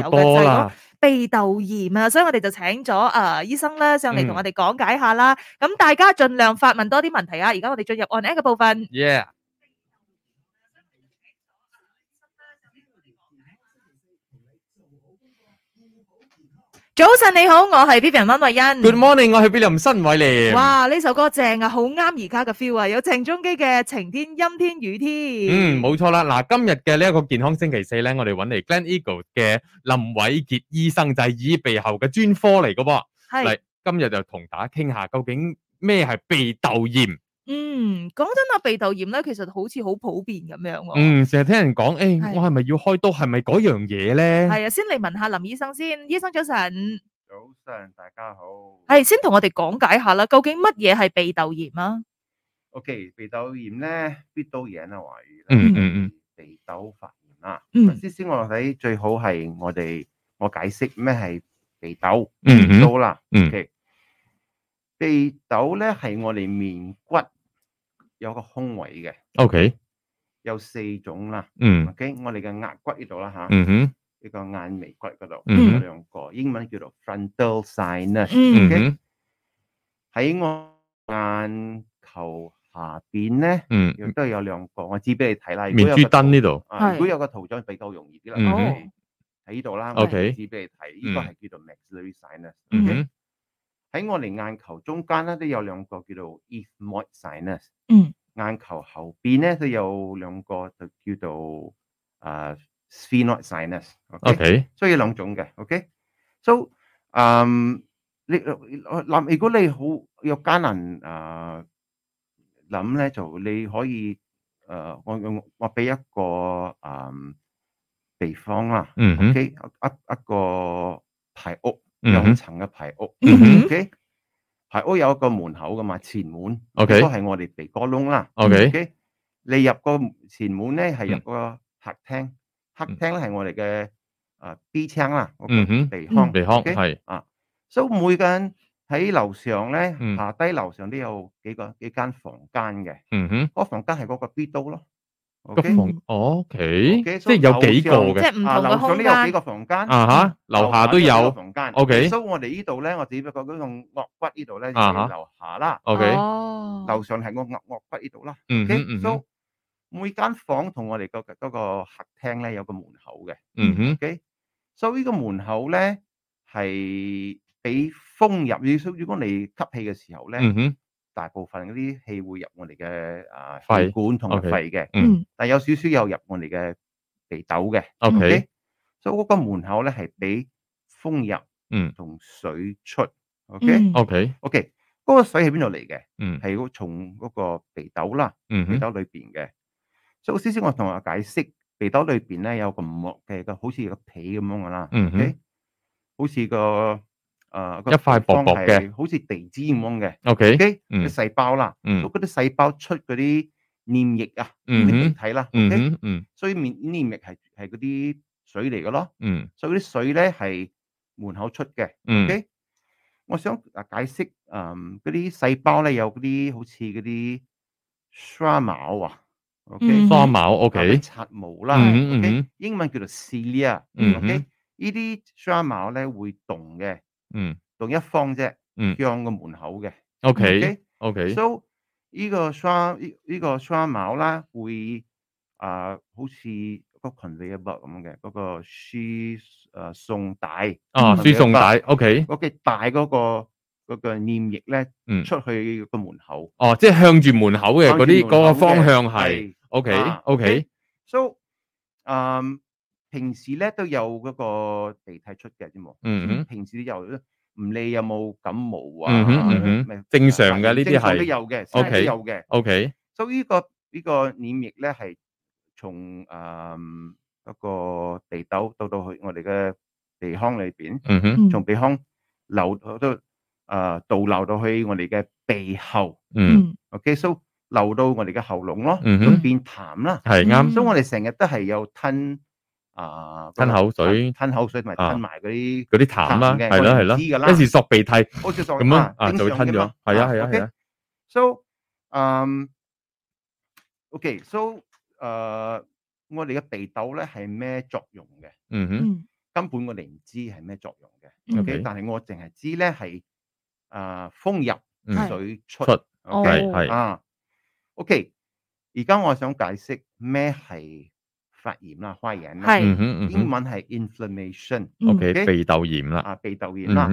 有嘅，就係嗰鼻竇炎啊，所以我哋就請咗啊醫生咧上嚟同我哋講解下啦。咁大家儘量發問多啲問題啊！而家我哋進入 online 嘅部分。早晨你好，我係 Vivian 溫慧欣。Good morning，我係 Vivian 新偉廉。哇，呢首歌正啊，好啱而家嘅 feel 啊，有鄭中基嘅《晴天陰天雨天》。嗯，冇錯啦。嗱，今日嘅呢一個健康星期四咧，我哋揾嚟 Glen Eagle 嘅林偉傑醫生就係耳鼻喉嘅專科嚟嘅噃。係。嚟今日就同大家傾下，究竟咩係鼻竇炎？嗯，講真啊，鼻竇炎咧，其實好似好普遍咁樣。嗯，成日聽人講，誒，我係咪要開刀？係咪嗰樣嘢咧？係啊，先嚟問下林醫生先。醫生早晨。早晨，大家好。係，先同我哋講解下啦，究竟乜嘢係鼻竇炎啊？OK，鼻竇炎咧，鼻竇炎啊，話嗯嗯嗯，鼻竇發炎啦。嗯，先先我睇最好係我哋我解釋咩係鼻竇。嗯嗯。都啦。嗯。嘅鼻竇咧係我哋面骨。有個空位嘅，OK，有四種啦，嗯，OK，我哋嘅額骨呢度啦吓，嗯哼，呢個眼眉骨嗰度，嗯，有兩個，英文叫做 frontal sinus，OK，喺我眼球下邊咧，嗯，亦都有兩個，我指俾你睇啦，明珠燈呢度，係，如果有個圖像比較容易啲啦，嗯哼，喺呢度啦，OK，指俾你睇，呢個係叫做 maxillary sinus，嗯哼。喺我哋眼球中間咧都有兩個叫做 ethmoid sinus，嗯，眼球後邊咧都有兩個就叫做啊 sphenoid sinus，OK，所以兩種嘅，OK，所以啊你諗，如果你好有艱難啊諗咧就你可以誒我用畫俾一個啊地方啦，嗯，OK 一一個題屋。兩層嘅排屋，OK，排屋有一個門口，噶嘛，前門，OK，都係我哋鼻哥窿啦，OK，OK，你入個前門咧，係入個客廳，客廳係我哋嘅啊鼻腔啦，嗯哼，鼻腔鼻腔係啊，所以每間喺樓上咧，下低樓上都有幾個幾間房間嘅，嗯哼，嗰房間係嗰個鼻竇咯。個房，OK，即係有幾個嘅，即係唔同嘅空間。樓上都有幾個房間？啊吓，樓下都有房間。OK，所以我哋呢度咧，我只不過嗰個顎骨呢度咧，就喺樓下啦。OK，樓上係我顎顎骨呢度啦。嗯，OK，所以每間房同我哋個嗰個客廳咧有個門口嘅。嗯哼，OK，所以呢個門口咧係俾風入，所以如果你吸氣嘅時候咧。嗯哼。大部分嗰啲氣會入我哋嘅啊氣管同埋肺嘅。嗯，okay, um, 但有少少又入我哋嘅鼻竇嘅，O K，所以嗰個門口咧係俾風入，嗯，同水出，O K，O K，O K，嗰個水喺邊度嚟嘅？嗯，係嗰從個鼻竇啦，鼻竇裏邊嘅，所以先先我同佢解釋，鼻竇裏邊咧有個膜嘅，個好似個皮咁樣噶啦，嗯好似個。哼啊，一塊薄薄嘅，好似地氈咁嘅，O K，O K，嗯，細胞啦，嗯，嗰啲細胞出嗰啲黏液啊，嗯哼，啲液體啦，嗯哼，嗯，所以黏黏液係係嗰啲水嚟噶咯，嗯，所以嗰啲水咧係門口出嘅，O K，我想啊解釋，嗯，嗰啲細胞咧有嗰啲好似嗰啲刷毛啊，O K，刷毛，O K，刷毛啦，O K，英文叫做 cilia，嗯，O K，呢啲刷毛咧會動嘅。嗯，同一方啫，嗯，向個門口嘅，OK，OK，So 呢個雙呢呢個纖毛啦，會啊，好似個群飛一般咁嘅，嗰個輸誒送帶啊，輸送帶，OK，OK，帶嗰個嗰個黏液咧，嗯，出去個門口，哦，即係向住門口嘅嗰啲嗰個方向係，OK，OK，So，嗯。平時咧都有嗰個鼻涕出嘅啫嘛，嗯哼，平時又唔理有冇感冒啊，嗯哼，咪正常嘅呢啲係，都有嘅，都有嘅，OK，所以呢個呢個黏液咧係從誒嗰個鼻竇到到去我哋嘅鼻腔裏邊，嗯哼，從鼻腔流到誒倒流到去我哋嘅鼻後，嗯，啊，咁所以流到我哋嘅喉嚨咯，嗯，變痰啦，係啱，所以我哋成日都係有吞。啊，吞口水，吞口水同埋吞埋嗰啲嗰啲痰啦，係啦係啦，跟住索鼻涕，咁樣啊就會吞咗，係啊係啊係啊。So，嗯，OK，So，誒，我哋嘅鼻竇咧係咩作用嘅？嗯哼，根本我哋唔知係咩作用嘅。OK，但係我淨係知咧係誒，風入水出，OK 係啊。OK，而家我想解釋咩係？發炎啦，發炎啦，英文係 inflammation。O.K.，鼻竇炎啦，啊，鼻竇炎啦。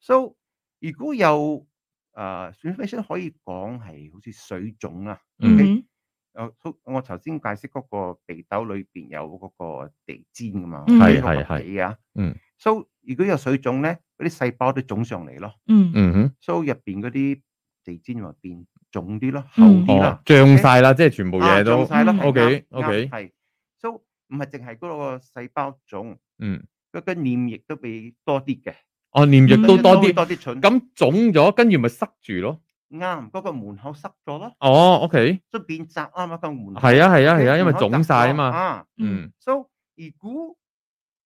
So，如果有誒 inflammation，可以講係好似水腫啊。嗯哼。我頭先解釋嗰個鼻竇裏邊有嗰個地氈噶嘛，係，係係啊。嗯。So，如果有水腫咧，嗰啲細胞都腫上嚟咯。嗯嗯哼。So，入邊嗰啲地氈咪變腫啲咯，厚啲啦，脹曬啦，即係全部嘢都。O.K. O.K. 係。唔係淨係嗰個細胞腫，嗯，嗰個黏液都比多啲嘅，哦，黏液都多啲，多啲。咁腫咗，跟住，咪塞住咯，啱，嗰個門口塞咗咯。哦，OK，都變窄啊嘛，個門口，係啊係啊係啊，因為腫晒啊嘛，嗯，so 如果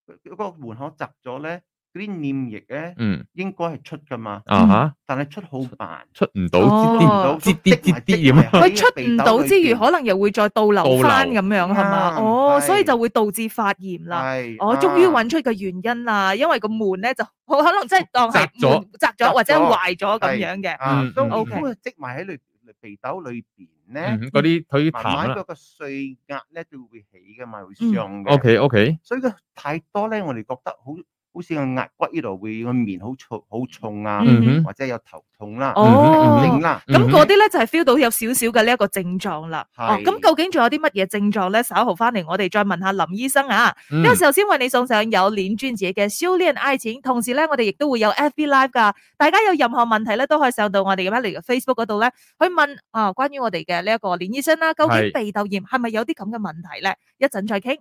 嗰個門口窄咗咧。嗰啲黏液咧，嗯，應該係出噶嘛，啊哈，但係出好慢，出唔到，唔到積積積積，佢出唔到之餘，可能又會再倒流翻咁樣，係嘛？哦，所以就會導致發炎啦。係，我終於揾出個原因啦，因為個門咧就，好可能即係當係門窄咗或者壞咗咁樣嘅。嗯，O K。積埋喺裏鼻竇裏邊咧，嗰啲佢慢慢嗰個碎壓咧都會起噶嘛，會上嘅。O K O K。所以佢太多咧，我哋覺得好。好似個額骨呢度會個面好重好重啊，嗯、哼或者有頭痛啦。哦，啦、嗯哼。咁嗰啲咧就係 feel 到有少少嘅呢一個症狀啦。咁是、哦、究竟仲有啲乜嘢症狀咧？稍後翻嚟我哋再問下林醫生啊。呢個、嗯、時候先為你送上有臉專者嘅 Sho Lynn I 錢。同時咧，我哋亦都會有 FB Live 噶。大家有任何問題咧，都可以上到我哋嘅 Melody Facebook 嗰度咧去問啊、呃。關於我哋嘅呢一個林醫生啦，究竟鼻竇炎係咪有啲咁嘅問題咧是？一陣再傾。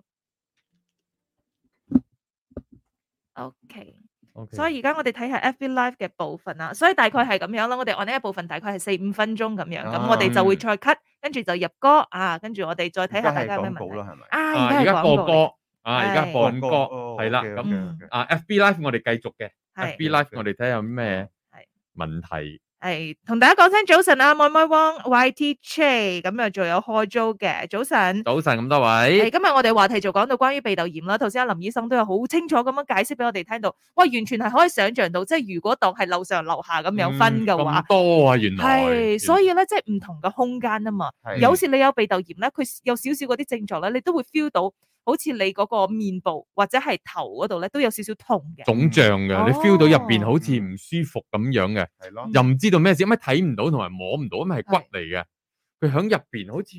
O Okay. K，Okay. 所以而家我哋睇下 FB Live 嘅部分啊，所以大概係咁樣啦。我哋按呢一部分大概係四五分鐘咁樣，咁、啊、我哋就會再 cut，跟住就入歌啊，跟住我哋再睇下大家有咩問題啊。而家播歌啊，而家放歌係啦，咁啊 FB Live 我哋繼續嘅，FB Live 我哋睇下有咩問題。係同大家講聲早晨啊，My My Wong Ytche，咁啊仲有開租嘅早晨，早晨咁多位。係今日我哋話題就講到關於鼻竇炎啦，頭先阿林醫生都有好清楚咁樣解釋俾我哋聽到，哇完全係可以想象到，即係如果當係樓上樓下咁樣分嘅話，嗯、多啊原來係，是來所以咧即係唔同嘅空間啊嘛，是有時你有鼻竇炎咧，佢有少少嗰啲症狀咧，你都會 feel 到。好似你嗰個面部或者係頭嗰度咧，都有少少痛嘅腫脹嘅，你 feel 到入邊好似唔舒服咁樣嘅，係咯、哦，嗯、又唔知道咩事，因為睇唔到同埋摸唔到，因為係骨嚟嘅，佢響入邊好似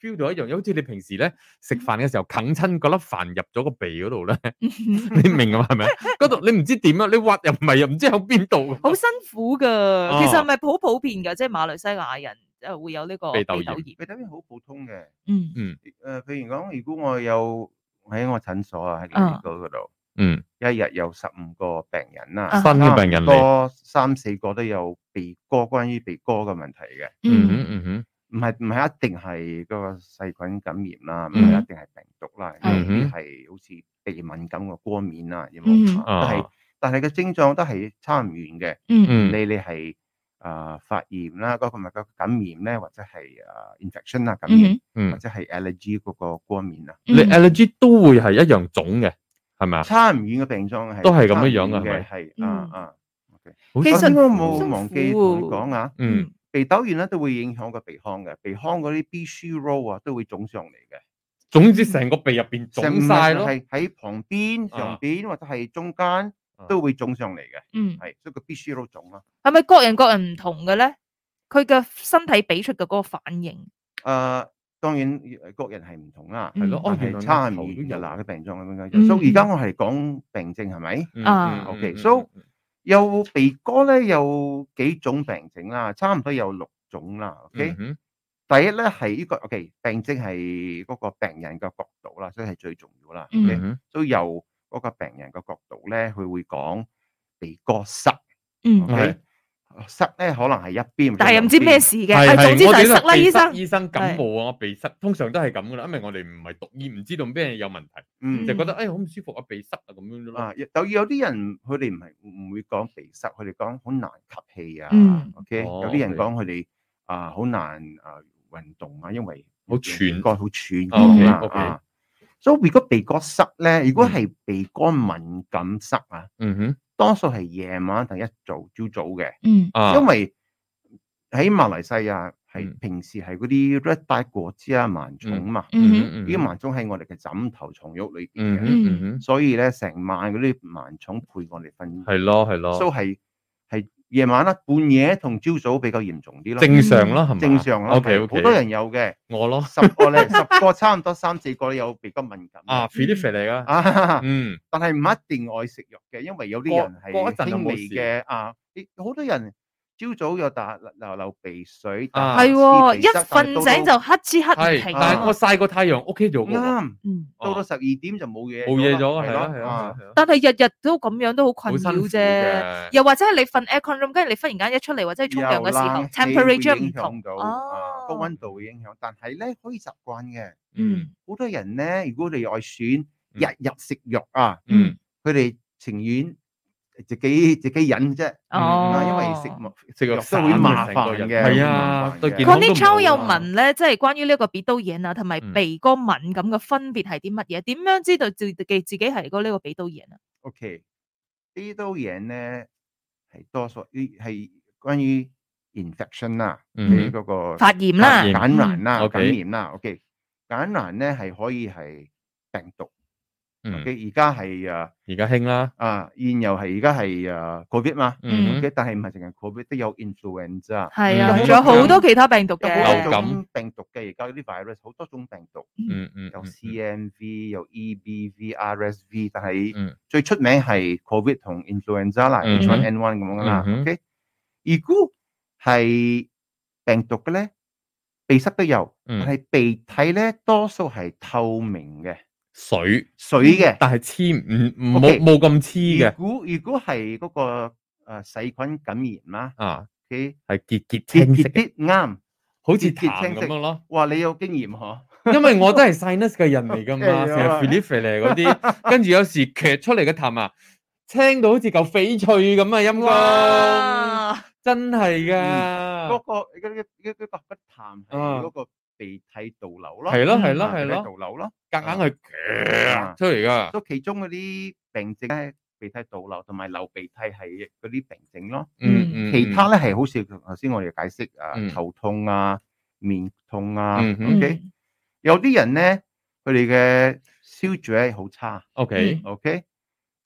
feel 到一樣嘢，好似你平時咧食飯嘅時候啃親嗰粒飯入咗個鼻嗰度咧，你明啊嘛？係咪？嗰度你唔知點啊？你挖入唔係又唔知喺邊度，好辛苦噶。其實係咪好普遍噶？啊、即係馬來西亞人。誒，會有呢個鼻竇炎，鼻竇炎好普通嘅。嗯嗯。誒、呃，譬如講，如果我有喺我診所啊，喺呢個嗰度，嗯，一日有十五個病人啦，新嘅病人多三四個都有鼻哥，關於鼻哥嘅問題嘅、嗯。嗯嗯嗯唔係唔係，一定係個細菌感染啦，唔係一定係病毒啦，甚至係、嗯、好似鼻敏感個過敏、嗯、啊，有冇？但係但係個症狀都係差唔遠嘅。嗯嗯。你你係。嗯啊，發炎啦，嗰個咪個感染咧，或者係啊 infection 啊感染，或者係 allergy 嗰個過敏啊，你 allergy 都會係一樣腫嘅，係咪啊？差唔遠嘅病狀係都係咁樣樣嘅，係啊啊。其實我冇忘記講啊，嗯，鼻竇炎咧都會影響個鼻腔嘅，鼻腔嗰啲鼻息肉啊都會腫上嚟嘅，總之成個鼻入邊腫晒咯。係喺旁邊、上邊或者係中間。都會腫上嚟嘅，嗯，係所以佢必須都腫啦，係咪各人各人唔同嘅咧？佢嘅身體俾出嘅嗰個反應，誒，當然各人係唔同啦，係咯，係差唔多日嗱嘅病狀咁樣，所以而家我係講病症係咪？啊，OK，所以有鼻哥咧有幾種病症啦，差唔多有六種啦，OK，第一咧係呢個 OK，病症係嗰個病人嘅角度啦，所以係最重要啦，嗯，都有。嗰個病人個角度咧，佢會講鼻哥塞，嗯，塞咧可能係一邊，但係又唔知咩事嘅，係總之就塞啦，醫生。醫生感冒啊，鼻塞，通常都係咁噶啦，因為我哋唔係讀醫，唔知道咩有問題，嗯，就覺得哎好唔舒服啊，鼻塞啊咁樣咯。但有啲人佢哋唔係唔會講鼻塞，佢哋講好難吸氣啊，OK，有啲人講佢哋啊好難啊運動啊，因為好喘，過好喘啊。所以、so, 如果鼻哥塞咧，如果係鼻乾敏感塞啊，嗯哼，多數係夜晚第一早朝早嘅，嗯，因為喺馬來西亞係、嗯、平時係嗰啲熱帶國家啊，蟎蟲嘛，呢啲蟎蟲喺我哋嘅枕頭床褥裏邊嘅，嗯、哼所以咧成晚嗰啲蟎蟲陪我哋瞓，係咯係咯，所以係。夜晚啦，半夜同朝早比較嚴重啲咯，正常啦，係咪？正常啦，OK OK，好多人有嘅，我咯，十 個咧，十個差唔多三四個都有鼻哥敏感。啊，肥啲肥嚟噶，啊，嗯，啊、但係唔一定愛食肉嘅，因為有啲人係輕微嘅啊，好、欸、多人。朝早又打流流鼻水，係，一瞓醒就黑之黑。係，但係我曬過太陽，OK 做。啱，嗯，到咗十二點就冇嘢。冇嘢咗，係咯，係咯。但係日日都咁樣都好困擾啫。又或者係你瞓 aircon room，跟住你忽然間一出嚟，或者係沖涼嘅時候，temperature 唔同，哦，個溫度會影響。但係咧可以習慣嘅，嗯，好多人咧，如果你外選日日食肉啊，嗯，佢哋情願。自己自己忍啫，哦，因為食物食藥都會麻煩嘅。係啊 c o 有問咧，即係關於呢個鼻竇炎啊，同埋鼻哥敏感嘅分別係啲乜嘢？點樣知道自自自己係嗰呢個鼻竇炎啊？O K，鼻竇炎咧係多數啲係關於 infection 啦，你嗰個發炎啦、感染啦、感染啦。O K，感染咧係可以係病毒。嗯，而家係啊，而家興啦，啊，現又係而家係啊，covid 嘛，嗯，但係唔係淨係 covid 都有 influenza，係啊，仲有好多其他病毒嘅，流感病毒嘅，而家嗰啲 virus 好多種病毒，嗯嗯，有 CMV，有 EBV，RSV，但係最出名係 covid 同 influenza 啦，H1N1 咁樣㗎啦，ok，如果係病毒嘅咧，鼻塞都有，但係鼻涕咧多數係透明嘅。水水嘅，但係黐唔唔冇冇咁黐嘅。如果如果係嗰個誒細菌感染啦，啊，佢係結結青色，啱，好似痰咁樣咯。哇，你有經驗嗬？因為我都係 science 嘅人嚟噶嘛，成日 p h i l 嗰啲，跟住有時掘出嚟嘅痰啊，青到好似嚿翡翠咁啊，陰公，真係噶。嗰個，依家依家痰係個。鼻涕倒流咯，係咯，係咯，係咯，倒流咯，夾硬係出嚟噶。咁其中嗰啲病症咧，鼻涕倒流同埋流鼻涕係嗰啲病症咯。嗯嗯，其他咧係好似頭先我哋解釋啊，頭痛啊，面痛啊。O K，有啲人咧，佢哋嘅嗅覺好差。O K O K，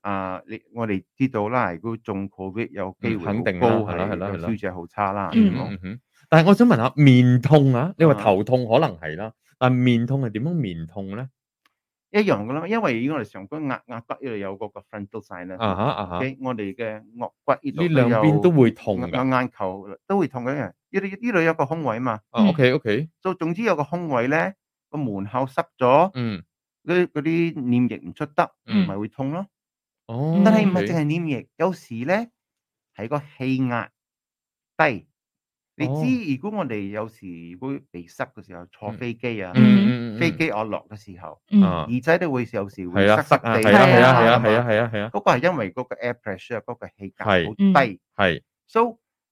啊，你我哋知道啦，如果中 Covid 有機會肯定高係啦，係啦，係啦，嗅覺好差啦。嗯嗯。但係我想問下，面痛啊？你話頭痛可能係啦，但係面痛係點樣面痛咧？一樣噶啦，因為依個我哋上骨壓壓骨，依度有嗰個 frontal sinus 咧。啊哈啊哈。O K，我哋嘅顎骨呢度有，呢兩邊都會痛噶，眼球都會痛嘅。呢呢度有個空位嘛。啊 O K O K。就總之有個空位咧，個門口塞咗，嗯，嗰嗰啲黏液唔出得，咪會痛咯。哦。但係唔係淨係黏液，有時咧係個氣壓低。你知如果我哋有時如果鼻塞嘅時候坐飛機啊，飛機我落嘅時候，耳仔都會有時會塞塞地，係啊係啊係啊係啊係啊，嗰個係因為嗰個 air pressure 嗰個氣壓好低，係，so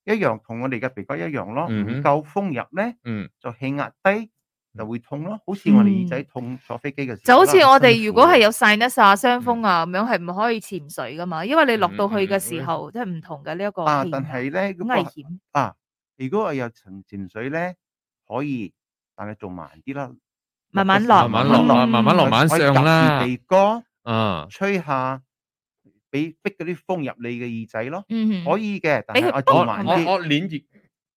一樣同我哋嘅鼻哥一樣咯，唔夠風入咧，就氣壓低就會痛咯，好似我哋耳仔痛坐飛機嘅時候，就好似我哋如果係有曬呢啲啊傷風啊咁樣係唔可以潛水噶嘛，因為你落到去嘅時候即係唔同嘅呢一個但係咧危險啊。如果我有沉潛水咧，可以，但係做慢啲啦，慢慢，嗯、慢慢落，慢慢落慢慢落，慢慢上啦，鼻哥，嗯，吹下，俾逼嗰啲風入你嘅耳仔咯，可以嘅，但係我做慢啲。我我暖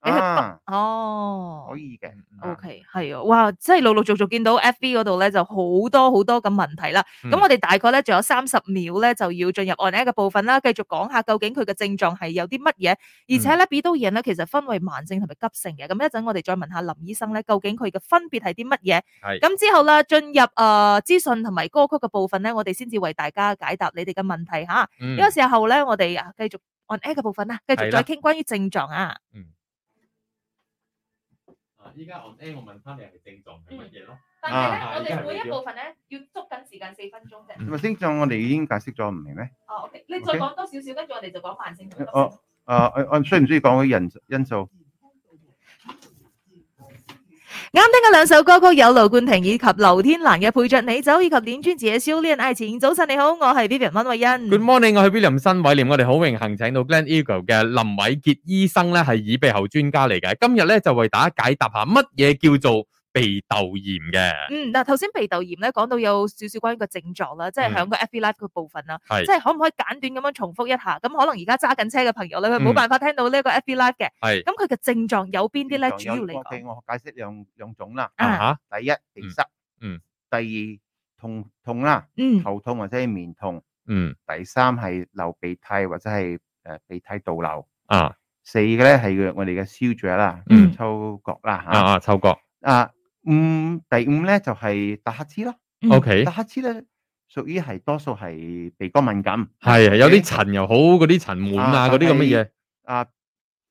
啊啊、哦，可以嘅。O K，係啊。哇，即係陸陸續續見到 F B 嗰度咧就好多好多咁問題啦。咁、嗯、我哋大概咧仲有三十秒咧就要進入 on air 嘅部分啦，繼續講下究竟佢嘅症狀係有啲乜嘢，而且咧鼻竇炎咧其實分為慢性同埋急性嘅。咁一陣我哋再問下林醫生咧，究竟佢嘅分別係啲乜嘢？係咁是之後啦，進入誒資訊同埋歌曲嘅部分咧，我哋先至為大家解答你哋嘅問題吓。呢、嗯、個時候咧，我哋繼續 on air 嘅部分啦，繼續再傾關於症狀啊。嗯。依家我問，我問翻你係症狀係乜嘢咯？但係咧，啊、我哋每一部分咧要捉緊時間四分鐘啫。咁啊，症狀我哋已經解釋咗，唔明咩？哦、啊，okay. 你再講多少少，Okay. 跟住我哋就講慢性。哦、啊，啊，我需唔需要講啲人因素？啱聽嘅兩首歌曲有盧冠廷以及劉天蘭嘅《陪着你走》，以及點專輯嘅《修煉愛情》。早晨你好，我係 B B 溫慧欣。Good morning，我係 B B 林新偉廉。我哋好榮幸請到 Gleneagles 嘅林偉傑醫生咧，係耳鼻喉專家嚟嘅。今日咧就為大家解答下乜嘢叫做。鼻竇炎嘅，嗯嗱，頭先鼻竇炎咧講到有少少關於個症狀啦，即係響個 FB live 個部分啦，係即係可唔可以簡短咁樣重複一下？咁可能而家揸緊車嘅朋友咧，佢冇辦法聽到呢個 FB live 嘅，係，咁佢嘅症狀有邊啲咧？主要嚟講，我解釋兩兩種啦，啊，第一鼻塞，嗯，第二痛痛啦，嗯，頭痛或者係面痛，嗯，第三係流鼻涕或者係誒鼻涕倒流，啊，四嘅咧係我哋嘅燒灼啦，嗯，嗅覺啦，啊啊，嗅覺，啊。嗯，第五咧就係打乞嗤咯。O K，打乞嗤咧屬於係多數係鼻哥敏感，係啊，有啲塵又好，嗰啲塵蟎啊，嗰啲咁嘅嘢啊，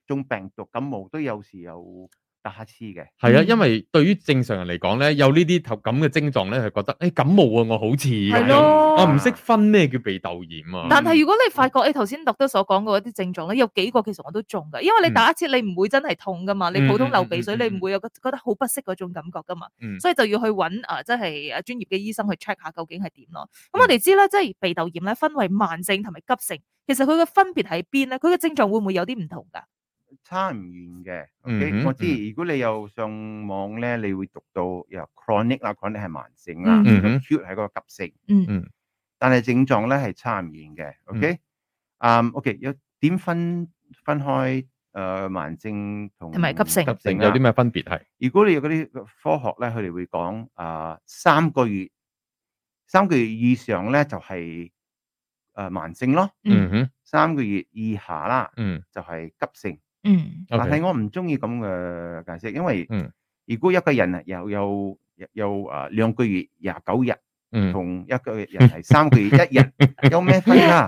中病毒感冒都有時有。打乞嗤嘅係啊，嗯、因為對於正常人嚟講咧，有呢啲頭咁嘅症狀咧，係覺得誒、欸、感冒啊，我好似係咯的，我唔識分咩叫鼻竇炎啊。但係如果你發覺誒頭先讀得所講嗰啲症狀咧，有幾個其實我都中噶，因為你打一次你唔會真係痛噶嘛，嗯、你普通流鼻水你唔會有覺得好不適嗰種感覺噶嘛，嗯、所以就要去揾即係專業嘅醫生去 check 下究竟係點咯。咁、嗯、我哋知咧，即、就、係、是、鼻竇炎咧分為慢性同埋急性，其實佢嘅分別喺邊咧？佢嘅症狀會唔會有啲唔同噶？差唔遠嘅，OK，我知。如果你又上網咧，你會讀到又 chronic 啦，chronic 係慢性啦，acute 係個急性。嗯嗯。但係症狀咧係差唔遠嘅，OK，啊，OK，有點分分開誒，慢性同同埋急性，急性有啲咩分別係？如果你有嗰啲科學咧，佢哋會講啊，三個月三個月以上咧就係誒慢性咯，嗯哼，三個月以下啦，嗯，就係急性。嗯，但係我唔中意咁嘅解釋，因為嗯，如果一個人啊有有有啊兩個月廿九日，嗯，同一個月係三個月一日，有咩分呀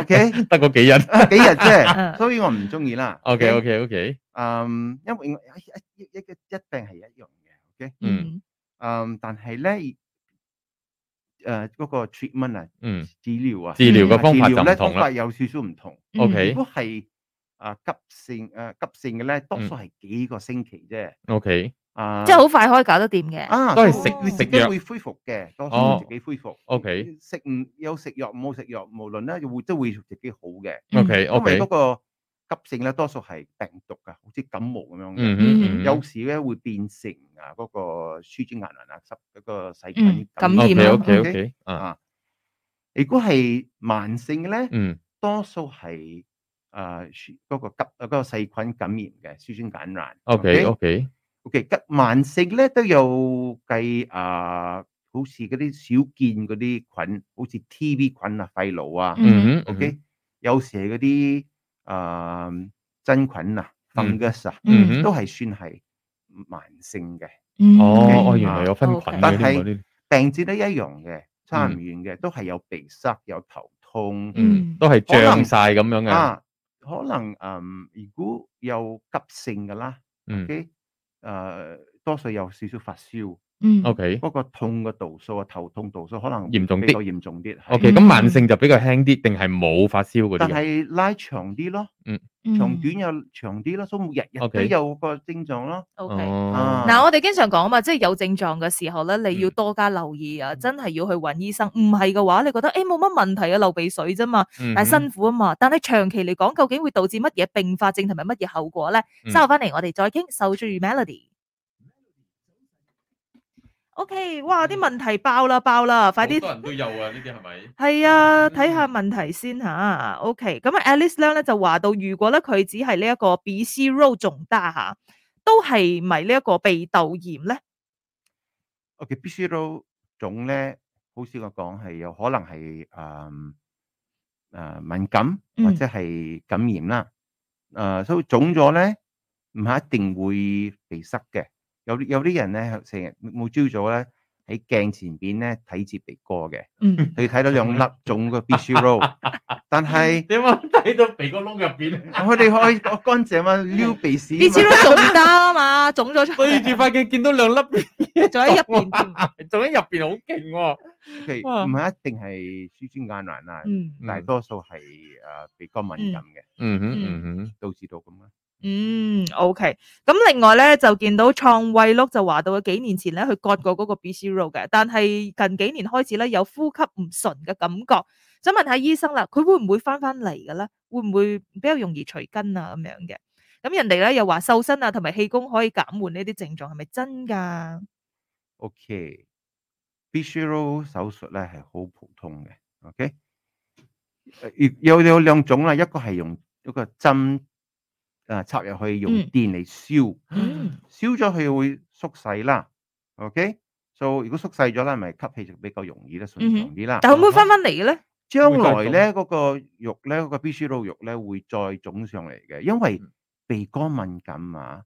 ？OK，得個幾日，幾日啫，所以我唔中意啦。OK OK OK，嗯，因為一一定係一樣嘅，OK，嗯，嗯，但係咧，誒嗰個 treatment 啊，嗯，治療啊，治療嘅方法唔同啦，方法有少少唔同。OK，如果係。啊，急性誒，急性嘅咧，多數係幾個星期啫。O K，啊，即係好快可以搞得掂嘅。啊，都係食食藥會恢復嘅，多數自己恢復。O K，食唔有食藥冇食藥，無論咧會都會自己好嘅。O K，O K，因為嗰個急性咧，多數係病毒啊，好似感冒咁樣。嗯嗯嗯，有時咧會變成啊，嗰個輸轉牙菌啊，執嗰個細菌感染。O K O K O K，啊，如果係慢性嘅咧，嗯，多數係。誒，嗰、uh, 個急誒，嗰個細菌感染嘅，細菌感染。OK OK OK，急慢性咧都有計啊，計 uh, 好似嗰啲少見嗰啲菌，好似 TB 菌啊、肺癆啊。嗯、mm hmm. OK，有時係嗰啲誒真菌啊、fung、mm hmm. us 啊，都係算係慢性嘅。哦，哦，原來有分菌，Okay. 但係病症都一樣嘅，差唔遠嘅，都係有鼻塞、有頭痛，mm hmm. 嗯、都係脹晒咁樣嘅。可能嗯，如、um, 果有急性嘅啦、嗯、，OK，誒、uh,，多數有少少發燒。.嗯，OK，不過痛嘅度數啊，頭痛度數可能嚴重啲，比較嚴重啲。OK，咁慢性就比較輕啲，定係冇發燒嗰啲？但係拉長啲咯，嗯，長短又長啲咯，嗯、所以日日都有個症狀咯。OK，嗱，我哋經常講啊嘛，即係有症狀嘅時候咧，你要多加留意啊，嗯、真係要去搵醫生。唔係嘅話，你覺得誒冇乜問題啊，流鼻水啫、嗯、嘛，但係辛苦啊嘛。但係長期嚟講，究竟會導致乜嘢併發症同埋乜嘢後果咧？稍後翻嚟，我哋再傾。守住 Melody。O K，哇！啲問題爆啦，爆啦，快啲。好多人都有啊，呢啲係咪？係啊，睇下問題先嚇。O K，咁啊，Alice 咧就話到，如果咧佢只係呢一個 B C 腫大嚇，都係咪呢一個鼻竇炎咧？O K，B C 腫腫咧，好似我講係有可能係誒誒敏感或者係感染啦。誒，所以腫咗咧，唔係一定會鼻塞嘅。有有啲人咧，成日冇朝早咧，喺鏡前邊咧，睇住鼻哥嘅，佢睇到兩粒腫個鼻屎窿，但係點啊睇到鼻哥窿入邊？我哋可以乾淨啊撩鼻屎。鼻屎窿腫唔得啊嘛，腫咗出。對住塊鏡見到兩粒仲喺入邊，仲喺入邊好勁喎。唔係一定係鼻竇炎啊，大多數係啊鼻哥敏感嘅，嗯哼嗯哼，導致到咁啊。嗯，OK。咁另外咧就見到創衛碌就話到佢幾年前咧佢割過嗰個鼻息肉嘅，但係近幾年開始咧有呼吸唔順嘅感覺，想問下醫生啦，佢會唔會翻翻嚟嘅咧？會唔會比較容易除根啊？咁樣嘅，咁人哋咧又話瘦身啊同埋氣功可以減緩、okay. 呢啲症狀，係咪真噶？OK，鼻息肉手術咧係好普通嘅，OK 有。有有兩種啦，一個係用嗰個針。啊！插入去用電嚟燒，燒咗佢會縮細啦。OK，就如果縮細咗咧，咪吸氣就比較容易啦，順暢啲啦。但係會唔會翻返嚟咧？將來咧嗰個肉咧嗰個鼻書路肉咧會再腫上嚟嘅，因為鼻哥敏感啊，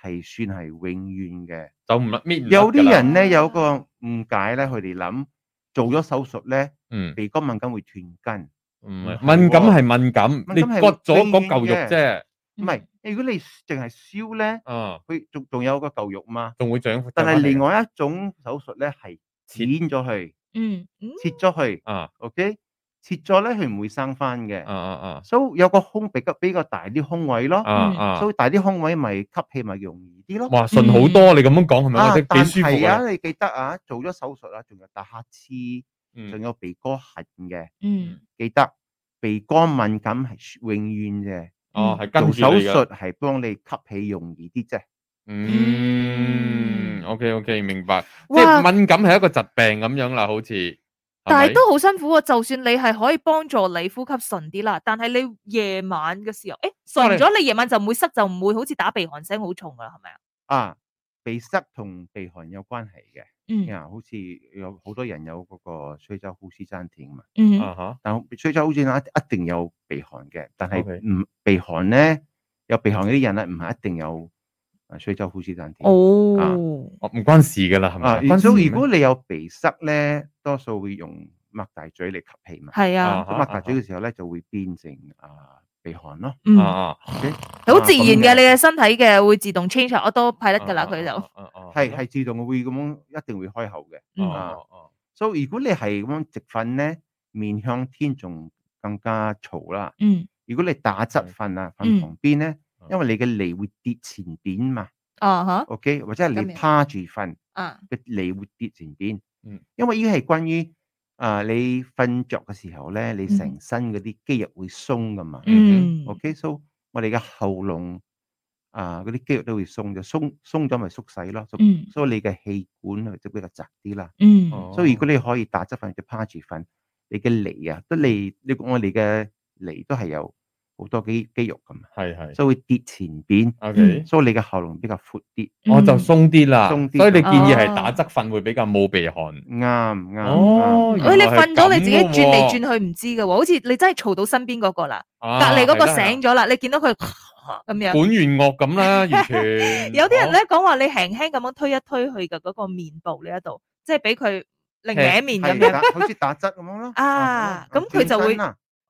係算係永遠嘅。走唔甩咩？有啲人咧有個誤解咧，佢哋諗做咗手術咧，鼻哥敏感會斷根。唔係敏感係敏感，你割咗嗰嚿肉啫。唔係，如果你淨係燒咧，啊，佢仲仲有個舊肉嘛，仲會長。但係另外一種手術咧，係剪咗佢，嗯，切咗佢，啊，OK，切咗咧，佢唔會生翻嘅，啊啊啊，所以有個空鼻骨比較大啲空位咯，啊啊，所以大啲空位咪吸氣咪容易啲咯。哇，順好多，你咁樣講係咪啊？但係啊，你記得啊，做咗手術啊，仲有打乞嗤，仲有鼻哥痕嘅，嗯，記得鼻哥敏感係永遠嘅。哦，係、嗯、做手術係幫你吸氣容易啲啫。嗯，嗯，OK OK，明白。哇即係敏感係一個疾病咁樣啦，好似。但係是 都好辛苦，啊，就算你係可以幫助你呼吸順啲啦，但係你夜晚嘅時候，誒，順咗你夜晚就唔會塞，就唔會好似打鼻鼾聲好重㗎啦，係咪啊？啊，鼻塞同鼻鼾有關係嘅。嗯，啊，yeah, 好似有好多人有嗰個睡眠呼吸暫停症候群啊，嗯、哼但睡眠呼吸暫停一定有鼻鼾嘅，但係唔鼻鼾咧，有鼻鼾嗰啲人咧唔係一定有啊睡眠呼吸暫停症候群哦，哦唔、啊啊、關事噶啦，係咪啊？所以如果你有鼻塞咧，多數會用擘大嘴嚟吸氣嘛，係啊，咁擘大嘴嘅時候咧就會變成啊。鼻寒咯，嗯，好自然嘅，你嘅身體嘅會自動 change，我都派得噶啦，佢就，係係自動會咁樣，一定會開口嘅，哦哦，所以如果你係咁樣直瞓咧，面向天仲更加嘈啦，嗯，如果你打側瞓啊，瞓旁邊咧，因為你嘅脷會跌前啲嘛，哦吓，ok，或者係你趴住瞓，啊，嘅脷會跌前啲，嗯，因為依係關於。啊、呃，你瞓着嘅時候咧，你成身嗰啲肌肉會鬆噶嘛？嗯，OK，so、okay? 我哋嘅喉嚨啊，嗰、呃、啲肌肉都會鬆，鬆鬆就鬆鬆咗咪縮細咯，嗯、so, 所以你嘅氣管就比較窄啲啦，嗯，所以、so, 如果你可以打側瞓，或者趴住瞓。你嘅脷啊，即脷，你我哋嘅脷都係有。好多肌肌肉咁，係係，所以會跌前邊。O K，所以你嘅喉嚨比較闊啲，我就鬆啲啦，鬆啲。所以你建議係打側瞓會比較冇鼻鼾。啱唔啱？哦，喂，你瞓咗你自己轉嚟轉去唔知嘅，好似你真係嘈到身邊嗰個啦，隔籬嗰個醒咗啦，你見到佢咁樣。本源惡咁啦，完全。有啲人咧講話，你輕輕咁樣推一推佢嘅嗰個面部呢一度，即係俾佢擰面咁樣，好似打側咁樣咯。啊，咁佢就會。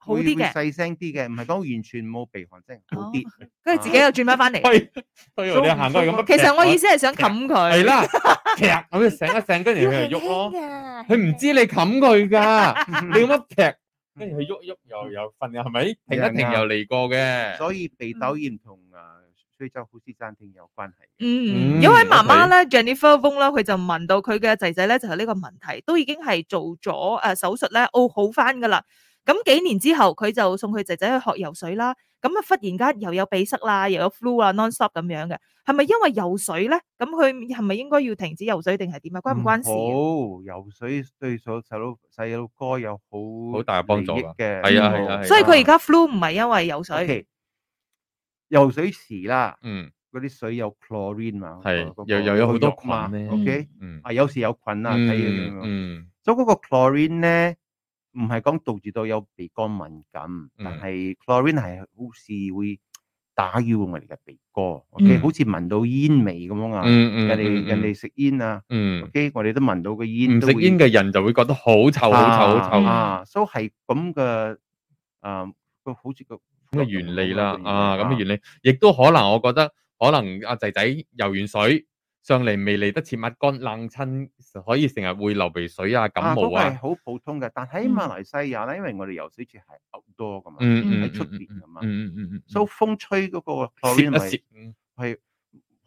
好啲嘅細聲啲嘅，唔係講完全冇鼻鼾聲，就是，好啲。跟住，哦啊，自己又轉翻翻嚟。行咁 其實我意思係想冚佢。係啦，劈，咁樣醒一醒，跟住佢嚟喐咯。佢唔知你冚佢噶， 你咁樣劈？跟住佢喐喐又又瞓，係咪？的停一停又嚟過嘅。所以鼻竇炎同啊非洲呼吸暫停有關係。嗯，有位媽媽咧 Jennifer Wong 啦，佢 就問到佢嘅仔仔咧，就係呢個問題，都已經係做咗誒手術咧，哦好翻噶啦。咁幾年之後，佢就送佢仔仔去學游水啦。咁啊，忽然間又有鼻塞啦，又有 flu 啊，non stop 咁樣嘅，係咪因為游水咧？咁佢係咪應該要停止游水定係點啊？關唔關事？好，游水對所細佬細佬哥有好好大幫助嘅，係啊係啊，所以佢而家 flu 唔係因為游水，游水時啦，嗯，嗰啲水有 chlorine 啊，係又又有好多菌咧，OK，嗯，啊有時有菌啊，睇下點樣，嗯，所以嗰個 chlorine 咧。唔係講導致到有鼻幹敏感，但係 chlorine 係好似會打擾我哋嘅鼻哥，OK，好似聞到煙味咁樣啊！嗯嗯，人哋人哋食煙啊，OK，我哋都聞到個煙。唔食煙嘅人就會覺得好臭，好臭，好臭啊！所以係咁嘅，誒，個好似個咁嘅原理啦，啊，咁嘅原理，亦都可能我覺得，可能阿仔仔游完水。上嚟未嚟得切，乜乾冷親，可以成日會流鼻水啊、感冒啊，係好普通嘅。但喺馬來西亞咧，因為我哋游水池係好多噶嘛，喺出邊噶嘛，所以風吹嗰個，係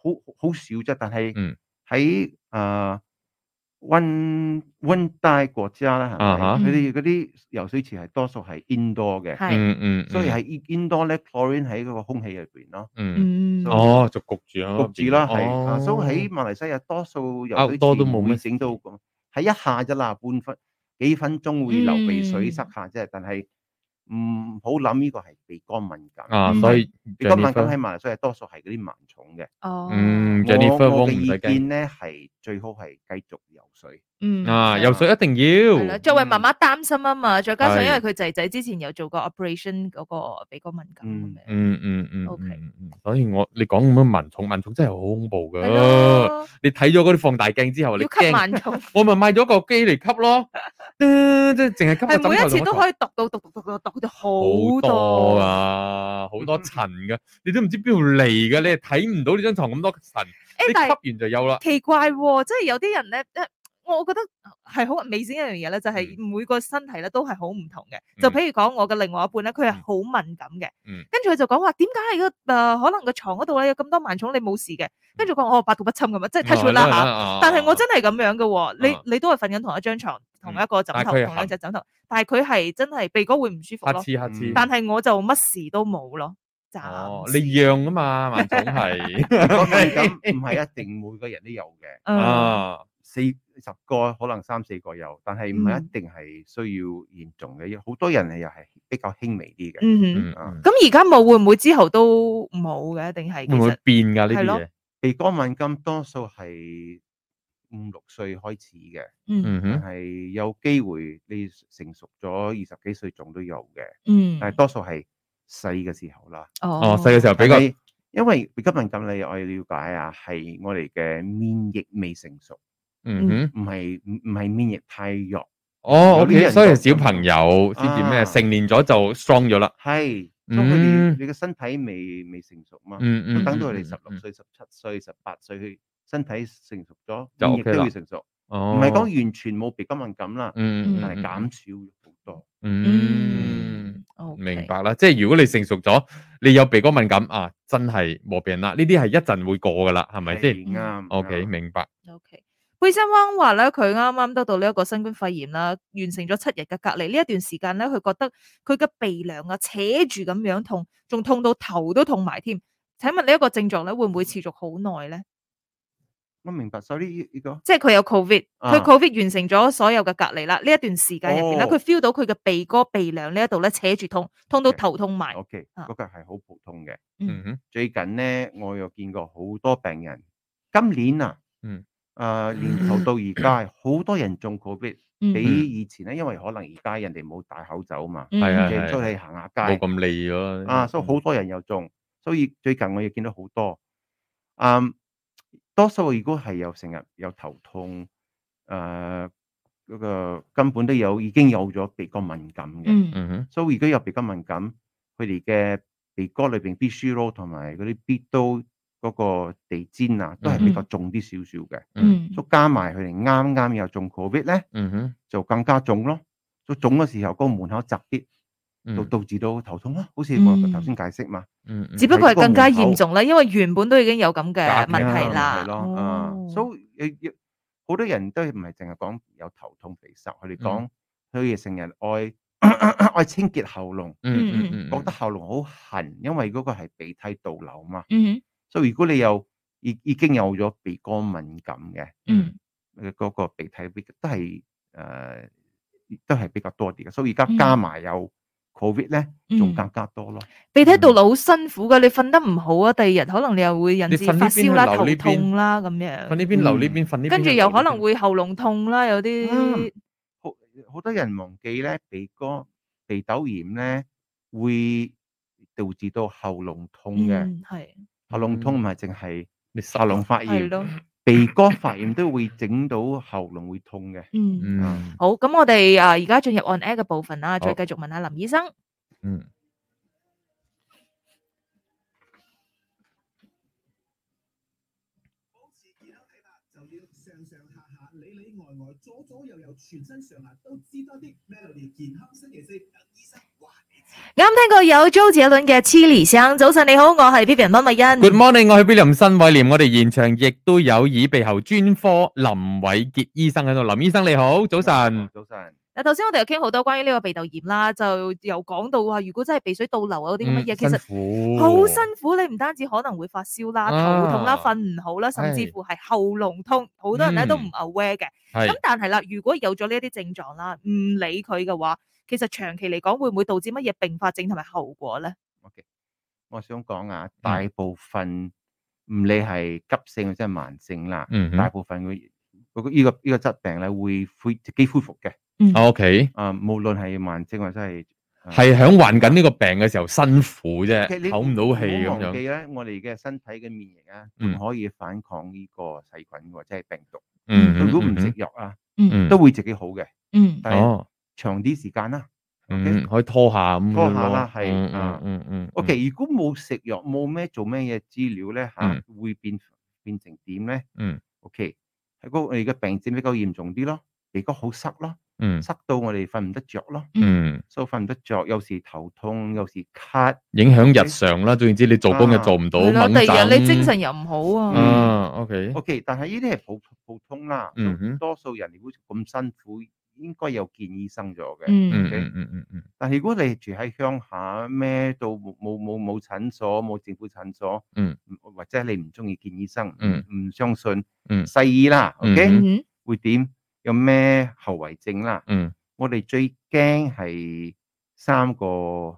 好好少啫。但係喺啊。温温帶國家啦，係咪？佢哋嗰啲游水池係多數係 indoor 嘅，嗯嗯，所以係 indoor 咧，chlorine 喺嗰個空氣入邊咯。嗯，哦，就焗住咯，焗住啦，係。所以喺馬來西亞多數游水池、uh，多都冇乜醒到咁。喺、uh huh. 一下就廿半分幾分鐘會流鼻水塞下、塞下即係，huh. 但係。唔好諗呢個係鼻腔敏感，啊，所以鼻腔敏感喺馬來西亞多數係嗰啲蚊蟲嘅哦。嗯，我嘅意見咧係最好係繼續游水。嗯啊，遊水一定要，作為媽媽擔心啊嘛，再加上因為佢仔仔之前有做過 operation 嗰個鼻哥敏感，嗯嗯嗯嗯嗯，所以我你講咁樣蚊蟲蚊蟲真係好恐怖噶。你睇咗嗰啲放大鏡之後，要吸蚊蟲，我咪買咗個機嚟吸咯。即係淨係吸，係每一次都可以讀到讀讀讀讀好多啊，好多塵噶，你都唔知邊度嚟噶，你又睇唔到呢張床咁多塵。你吸完就有啦。奇怪，即係有啲人咧，我覺得係好明顯一樣嘢咧，就係每個身體咧都係好唔同嘅。就譬如講我嘅另外一半咧，佢係好敏感嘅。跟住佢就講話點解個誒可能個床嗰度咧有咁多盲蟲，你冇事嘅？跟住講我百毒不侵咁嘛，即係 touch 啦，但係我真係咁樣嘅喎，你你都係瞓緊同一張床，同一個枕頭，同一隻枕頭。但係佢係真係鼻哥會唔舒服咯。但係我就乜事都冇咯。哦，你讓啊嘛，盲蟲係。敏感唔係一定每個人都有嘅。啊，四。十個可能三四個有，但係唔係一定係需要嚴重嘅，有好多人係又係比較輕微啲嘅。嗯哼，咁而家冇會唔會之後都冇嘅，定係會唔會變㗎呢啲嘢？鼻哥敏感多數係五六歲開始嘅，嗯哼，係有機會你成熟咗二十幾歲仲都有嘅，嗯，但係多數係細嘅時候啦，哦，細嘅時候比較，因為鼻哥敏感你我哋了解啊，係我哋嘅免疫未成熟。嗯哼，唔係唔唔係免疫太弱哦，所以係小朋友知點咩？成年咗就 strong 咗啦，係，嗯，你個身體未未成熟嘛？嗯嗯，等到你十六歲、十七歲、十八歲，身體成熟咗就亦都會成熟哦，唔係講完全冇鼻哥敏感啦，嗯，但係減少咗好多，嗯，明白啦。即係如果你成熟咗，你有鼻哥敏感啊，真係冇病啦。呢啲係一陣會過噶啦，係咪先？啱，OK，明白。OK。貝山灣話咧，佢啱啱得到呢一個新冠肺炎啦，完成咗七日嘅隔離。呢一段時間咧，佢覺得佢嘅鼻梁啊扯住咁樣痛，仲痛到頭都痛埋添。請問呢一個症狀咧會唔會持續好耐咧？我明白，所以呢呢個即係佢有 COVID，佢 COVID 完成咗所有嘅隔離啦。呢、啊、一段時間入邊咧，佢 feel、哦、到佢嘅鼻哥、鼻梁呢一度咧扯住痛，痛到頭痛埋。OK，嗰個係好普通嘅。嗯哼、mm，hmm. 最近咧我又見過好多病人，今年啊，嗯、啊。誒，uh, 年頭到而家，好 多人中嗰啲 比以前咧，因為可能而家人哋冇戴口罩嘛，係啊， 出去行下街冇咁利囉啊，所以好多人又中，所以最近我亦見到好多，嗯、um,，多數如果係有成日有頭痛，誒、呃，嗰、那個根本都有已經有咗鼻哥敏感嘅，嗯哼， 所以如果有鼻哥敏感，佢哋嘅鼻哥裏邊鼻竇囉同埋嗰啲鼻都。嗰個地氈啊，都係比較重啲少少嘅，嗯，都加埋佢哋啱啱又中 COVID 咧，嗯哼，就更加重咯，都腫嘅時候，個門口窄啲，就導致到頭痛咯，好似我頭先解釋嘛，嗯，只不過係更加嚴重啦，因為原本都已經有咁嘅問題啦，係咯，啊，所以要好多人都唔係淨係講有頭痛鼻塞，佢哋講佢哋成日愛愛清潔喉嚨，嗯嗯嗯，覺得喉嚨好痕，因為嗰個係鼻涕倒流嘛，嗯哼。所以如果你有已已經有咗鼻哥敏感嘅，嗯，嗰個鼻涕都係誒都係比較多啲嘅。所以而家加埋有 COVID 呢，仲更加多咯。鼻涕倒流好辛苦噶，你瞓得唔好啊，第二日可能你又會引致發燒啦、頭痛啦咁樣。瞓呢邊流呢邊瞓呢邊，跟住又可能會喉嚨痛啦，有啲好好多人忘記咧鼻哥鼻竇炎咧會導致到喉嚨痛嘅，係。喉嚨痛唔係淨係喉嚨發炎，鼻哥發炎都會整到喉嚨會痛嘅。嗯，好，咁我哋啊，而家進入 on air 嘅部分啦，再繼續問下林醫生。嗯。啱聽過有 j o 姐 l 輪嘅 Chili 生，早晨你好，我係 Vivian 麥美恩。Good morning，我係 B B 林新偉廉。我哋現場亦都有耳鼻喉專科林偉杰醫生喺度，林醫生你好，早晨。早晨。嗱，頭先我哋又傾好多關於呢個鼻竇炎啦，就又講到話，如果真係鼻水倒流啊嗰啲咁嘅嘢，嗯、其實好辛,苦辛苦，你唔單止可能會發燒啦、啊、頭痛啦、瞓唔好啦，甚至乎係喉嚨痛，好、嗯、多人咧都唔 aware 嘅。咁是但係啦，如果有咗呢一啲症狀啦，唔理佢嘅話。其實長期嚟講，會唔會導致乜嘢併發症同埋後果咧？O K，我想講啊，大部分唔理係急性或者慢性啦，嗯，大部分佢嗰個依個依個疾病咧會恢自己恢復嘅，嗯，O K，啊，無論係慢性或者係係響患緊呢個病嘅時候辛苦啫，唞唔到氣咁樣。記咧，我哋嘅身體嘅免疫啊，唔可以反抗呢個細菌或者係病毒。嗯，如果唔食藥啊，嗯嗯，都會自己好嘅。嗯，哦。長啲時間啦，嗯，可以拖下，拖下啦，係，嗯嗯嗯嗯，OK，如果冇食藥冇咩做咩嘢治療咧，吓會變變成點咧？嗯，OK，如果我哋嘅病症比較嚴重啲咯，鼻哥好塞咯，嗯，塞到我哋瞓唔得着咯，嗯，所以瞓唔得着，有時頭痛，有時咳，影響日常啦。總言之，你做工又做唔到，咁，第二日你精神又唔好啊。嗯，OK，OK，但係呢啲係普普通啦，嗯哼，多數人如果咁辛苦。應該有見醫生咗嘅，嗯嗯嗯嗯嗯嗯，但係如果你住喺鄉下，咩都冇冇冇冇診所，冇政府診所，嗯，或者你唔中意見醫生，嗯，唔相信，嗯，西醫啦，OK，會點？有咩後遺症啦？嗯，我哋最驚係三個誒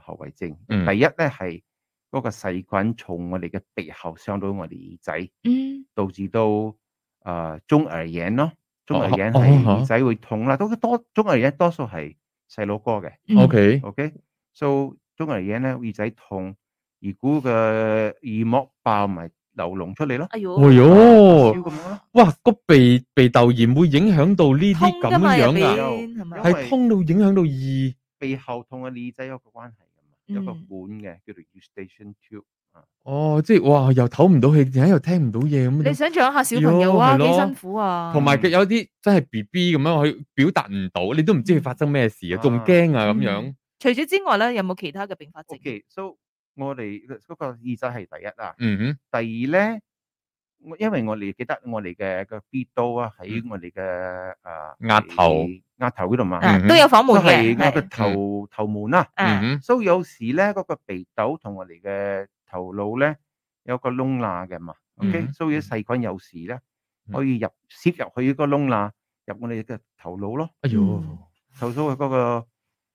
後遺症，第一咧係嗰個細菌從我哋嘅鼻喉傷到我哋耳仔，嗯，導致到誒中耳炎咯。中耳炎係耳仔會痛啦，都多中耳炎多數係細佬哥嘅。O K O K，所以中耳炎咧耳仔痛，如果嘅耳膜爆埋流膿出嚟咯。哎呦，哎呦，哇，個鼻鼻竇炎會影響到呢啲咁樣噶，係咪？係通到影響到耳，鼻後痛嘅耳仔有個關係噶嘛，有個管嘅叫做 Eustachian tube。哦，即係哇，又唞唔到氣，而家又聽唔到嘢，咁。你想像一下小朋友啊，幾辛苦啊。同埋佢有啲真係 B B 咁樣，去表達唔到，你都唔知佢發生咩事啊，仲驚啊咁樣。除咗之外咧，有冇其他嘅併發症？所以，我哋嗰個耳塞係第一啊。嗯嗯。第二咧，我因為我哋記得我哋嘅個鼻竇啊，喺我哋嘅誒額頭額頭嗰度嘛，都有房門嘅，係個頭頭門啦。嗯嗯。所以有時咧，嗰個鼻竇同我哋嘅頭腦咧有個窿罅嘅嘛，OK，所以細菌有時咧可以入攝入去一個窿罅，入我哋嘅頭腦咯。哎喲，頭腦嘅嗰個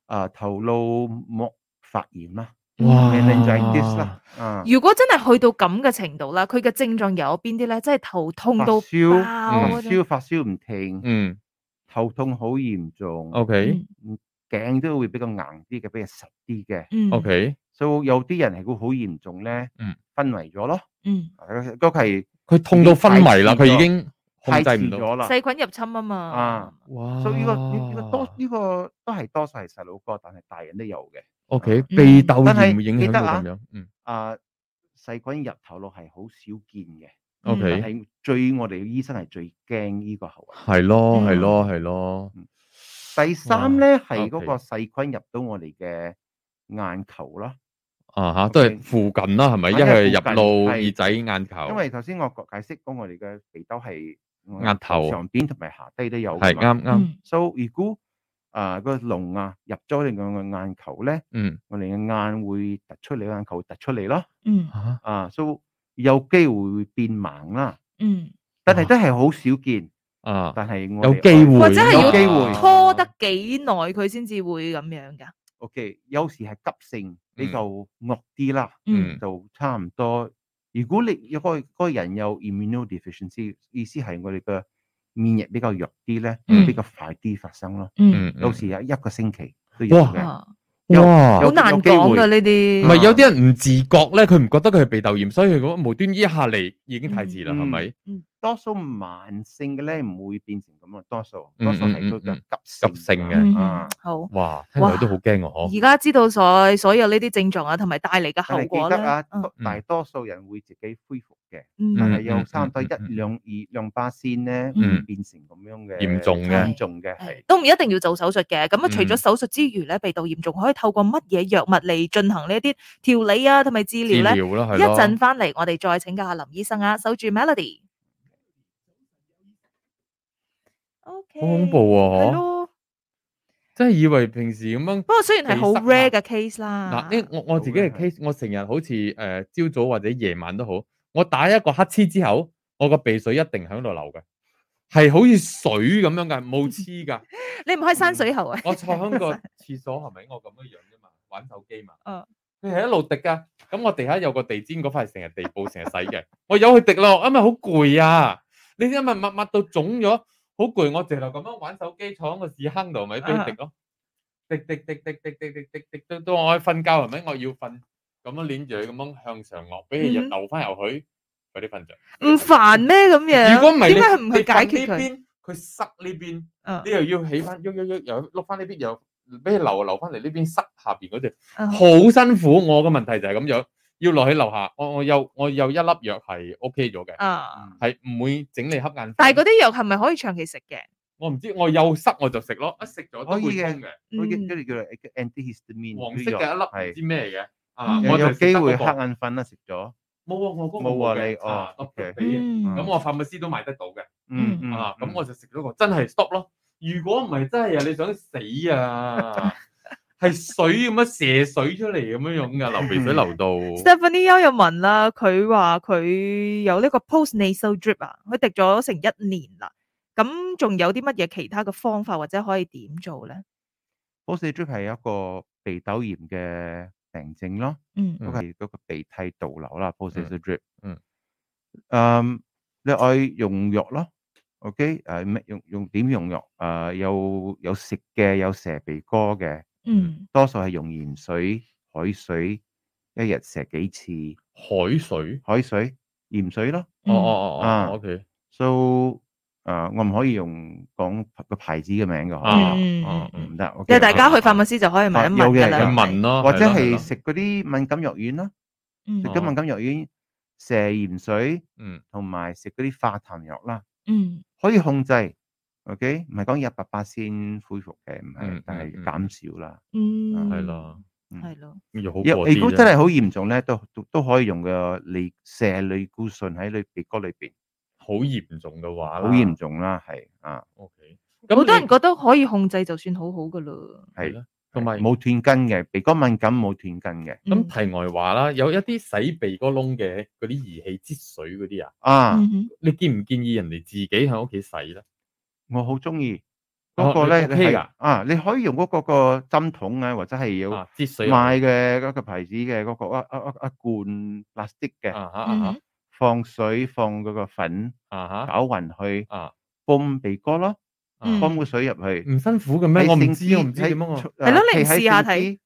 啊，頭腦膜發炎啦，哇，靚仔啲啦，啊，如果真係去到咁嘅程度啦，佢嘅症狀有邊啲咧？即係頭痛到爆，燒發燒唔停，嗯，頭痛好嚴重，OK，頸都會比較硬啲嘅，比較實啲嘅，OK。所以有啲人係會好嚴重咧，昏迷咗咯，都係佢痛到昏迷啦，佢已經控制唔到啦。細菌入侵啊嘛，所以呢個呢個多呢個都係多數係細路哥，但係大人都有嘅。O K，鼻竇炎唔會影響到咁樣，嗯，啊，細菌入頭腦係好少見嘅。O K，係最我哋醫生係最驚呢個喉癌。係咯，係咯，係咯。第三咧係嗰個細菌入到我哋嘅眼球啦。啊吓，都係附近啦，係咪？一係入到耳仔眼球。因為頭先我解釋過，我哋嘅鼻竇係額頭上邊同埋下低都有。係啱啱。So 如果啊個龍啊入咗你個眼球咧，嗯，我哋嘅眼會突出嚟，眼球突出嚟咯。嗯。啊，所以有機會會變盲啦。嗯。但係都係好少見。啊，但係我有機會，或者係有機會拖得幾耐佢先至會咁樣噶。OK，有時係急性，比較惡啲啦，嗯，就差唔多。如果你個個人有 immunodeficiency，意思係我哋嘅免疫比較弱啲咧，嗯、就比較快啲發生咯。嗯嗯，到時有一個星期都有嘅。哇，好難講㗎呢啲。唔係有啲哇人唔自覺咧，佢唔覺得佢係鼻竇炎，所以佢果無端一下嚟，已經太遲啦，係咪？多數慢性嘅咧，唔會變成咁啊，多數多數係都係急急性嘅啊。好哇，都好驚我。而家知道在所有呢啲症狀啊，同埋帶嚟嘅後果咧，大多數人會自己恢復嘅，但係有三到一兩二兩巴仙咧，嗯，變成咁樣嘅嚴重嘅，嚴重嘅，都唔一定要做手術嘅。咁啊，除咗手術之餘咧，鼻竇嚴重可以透過乜嘢藥物嚟進行呢一啲調理啊，同埋治療咧？治療咯係咯。一陣翻嚟，我哋再請教下林醫生啊，守住 Melody。好恐怖啊！咯真係以為平時咁樣。不過雖然係好 rare 嘅 case 啦。嗱，呢我我自己嘅 case，的我成日好似誒，朝、呃、早或者夜晚都好，我打一個黑嗤之後，我個鼻水一定喺度流嘅，係好似水咁樣嘅，冇黐噶。 你唔可以山水喉啊！ 我坐響個廁所係咪？是是我咁樣樣啫嘛，玩手機嘛。哦。 你係一路滴噶，咁我地下有個地氈嗰塊，成日地布成日洗嘅， 我有去滴落，一咪好攰啊！你一咪抹抹到腫咗。好攰，我直頭咁樣玩手機，坐喺個屎坑度，咪直直咯，直直直直直直直直直到我去瞓覺，係咪？我要瞓，咁樣捻住佢咁樣向上落，俾佢又流翻入去嗰啲瞓着，唔煩咩咁樣？如果唔係點解唔去解決佢？佢塞呢邊，你又要起翻，喐喐喐，又碌翻呢邊，又俾佢流流翻嚟呢邊塞下邊嗰隻，好辛苦。我個問題就係咁樣。要落喺樓下，我有我又我又一粒藥係 OK 咗嘅，係唔、uh, 會整你瞌眼瞓。但係嗰啲藥係咪可以長期食嘅？我唔知，我有濕我就食咯，一食咗可以嘅，嗯、黃色嘅一粒，唔知咩嘅，啊、有有我就、那個、有機會瞌眼瞓啦、啊，食咗。冇啊，我冇、哦、啊，你哦得嘅，咁我 pharmacist 都買得到嘅，嗯，嗯，嗯啊，咁我就食咗個真係 stop 咯。如果唔係真係啊，你想死啊？係水咁樣射水出嚟咁樣樣噶，流鼻水流到。Stephanie Young 又問啦，佢話佢有呢個 post-nasal drip 啊，佢滴咗成一年啦。咁仲有啲乜嘢其他嘅方法或者可以點做咧？Post-nasal drip 係一個鼻竇炎嘅病症咯。嗯，嗰個鼻涕倒流啦。Post-nasal drip。嗯。嗯，你愛用藥咯。OK，誒，咩用用點用藥？誒，有有食嘅，有射鼻哥嘅。嗯，多數係用鹽水、海水，一日食幾次？海水、海水、鹽水咯。哦哦哦哦。O K，so，誒，我唔可以用講個牌子嘅名噶。啊，唔得。即係大家去發問師就可以問一問噶啦。有嘅，問咯。或者係食嗰啲敏感藥丸啦。嗯。食啲敏感藥丸，射鹽水。嗯。同埋食嗰啲化痰藥啦。嗯。可以控制。O.K. 唔係講一百八先恢復嘅，唔係，但係減少啦，係咯，係咯。如果真係好嚴重咧，都都可以用嘅利射類固醇喺你鼻哥裏邊。好嚴重嘅話，好嚴重啦，係啊。O.K. 咁好多人覺得可以控制就算好好噶咯。係啦，同埋冇斷根嘅鼻哥敏感冇斷根嘅。咁題外話啦，有一啲洗鼻哥窿嘅嗰啲儀器，積水嗰啲啊，啊，你建唔建議人哋自己喺屋企洗咧？我好中意，嗰個咧你啊，你可以用嗰個個針筒啊，或者係要賣嘅嗰個牌子嘅嗰個啊啊啊罐，plastic 嘅，放水放嗰個粉啊，攪勻去啊，泵鼻哥咯，泵個水入去，唔辛苦嘅咩？我唔知，我唔知點樣，係咯，你試下睇，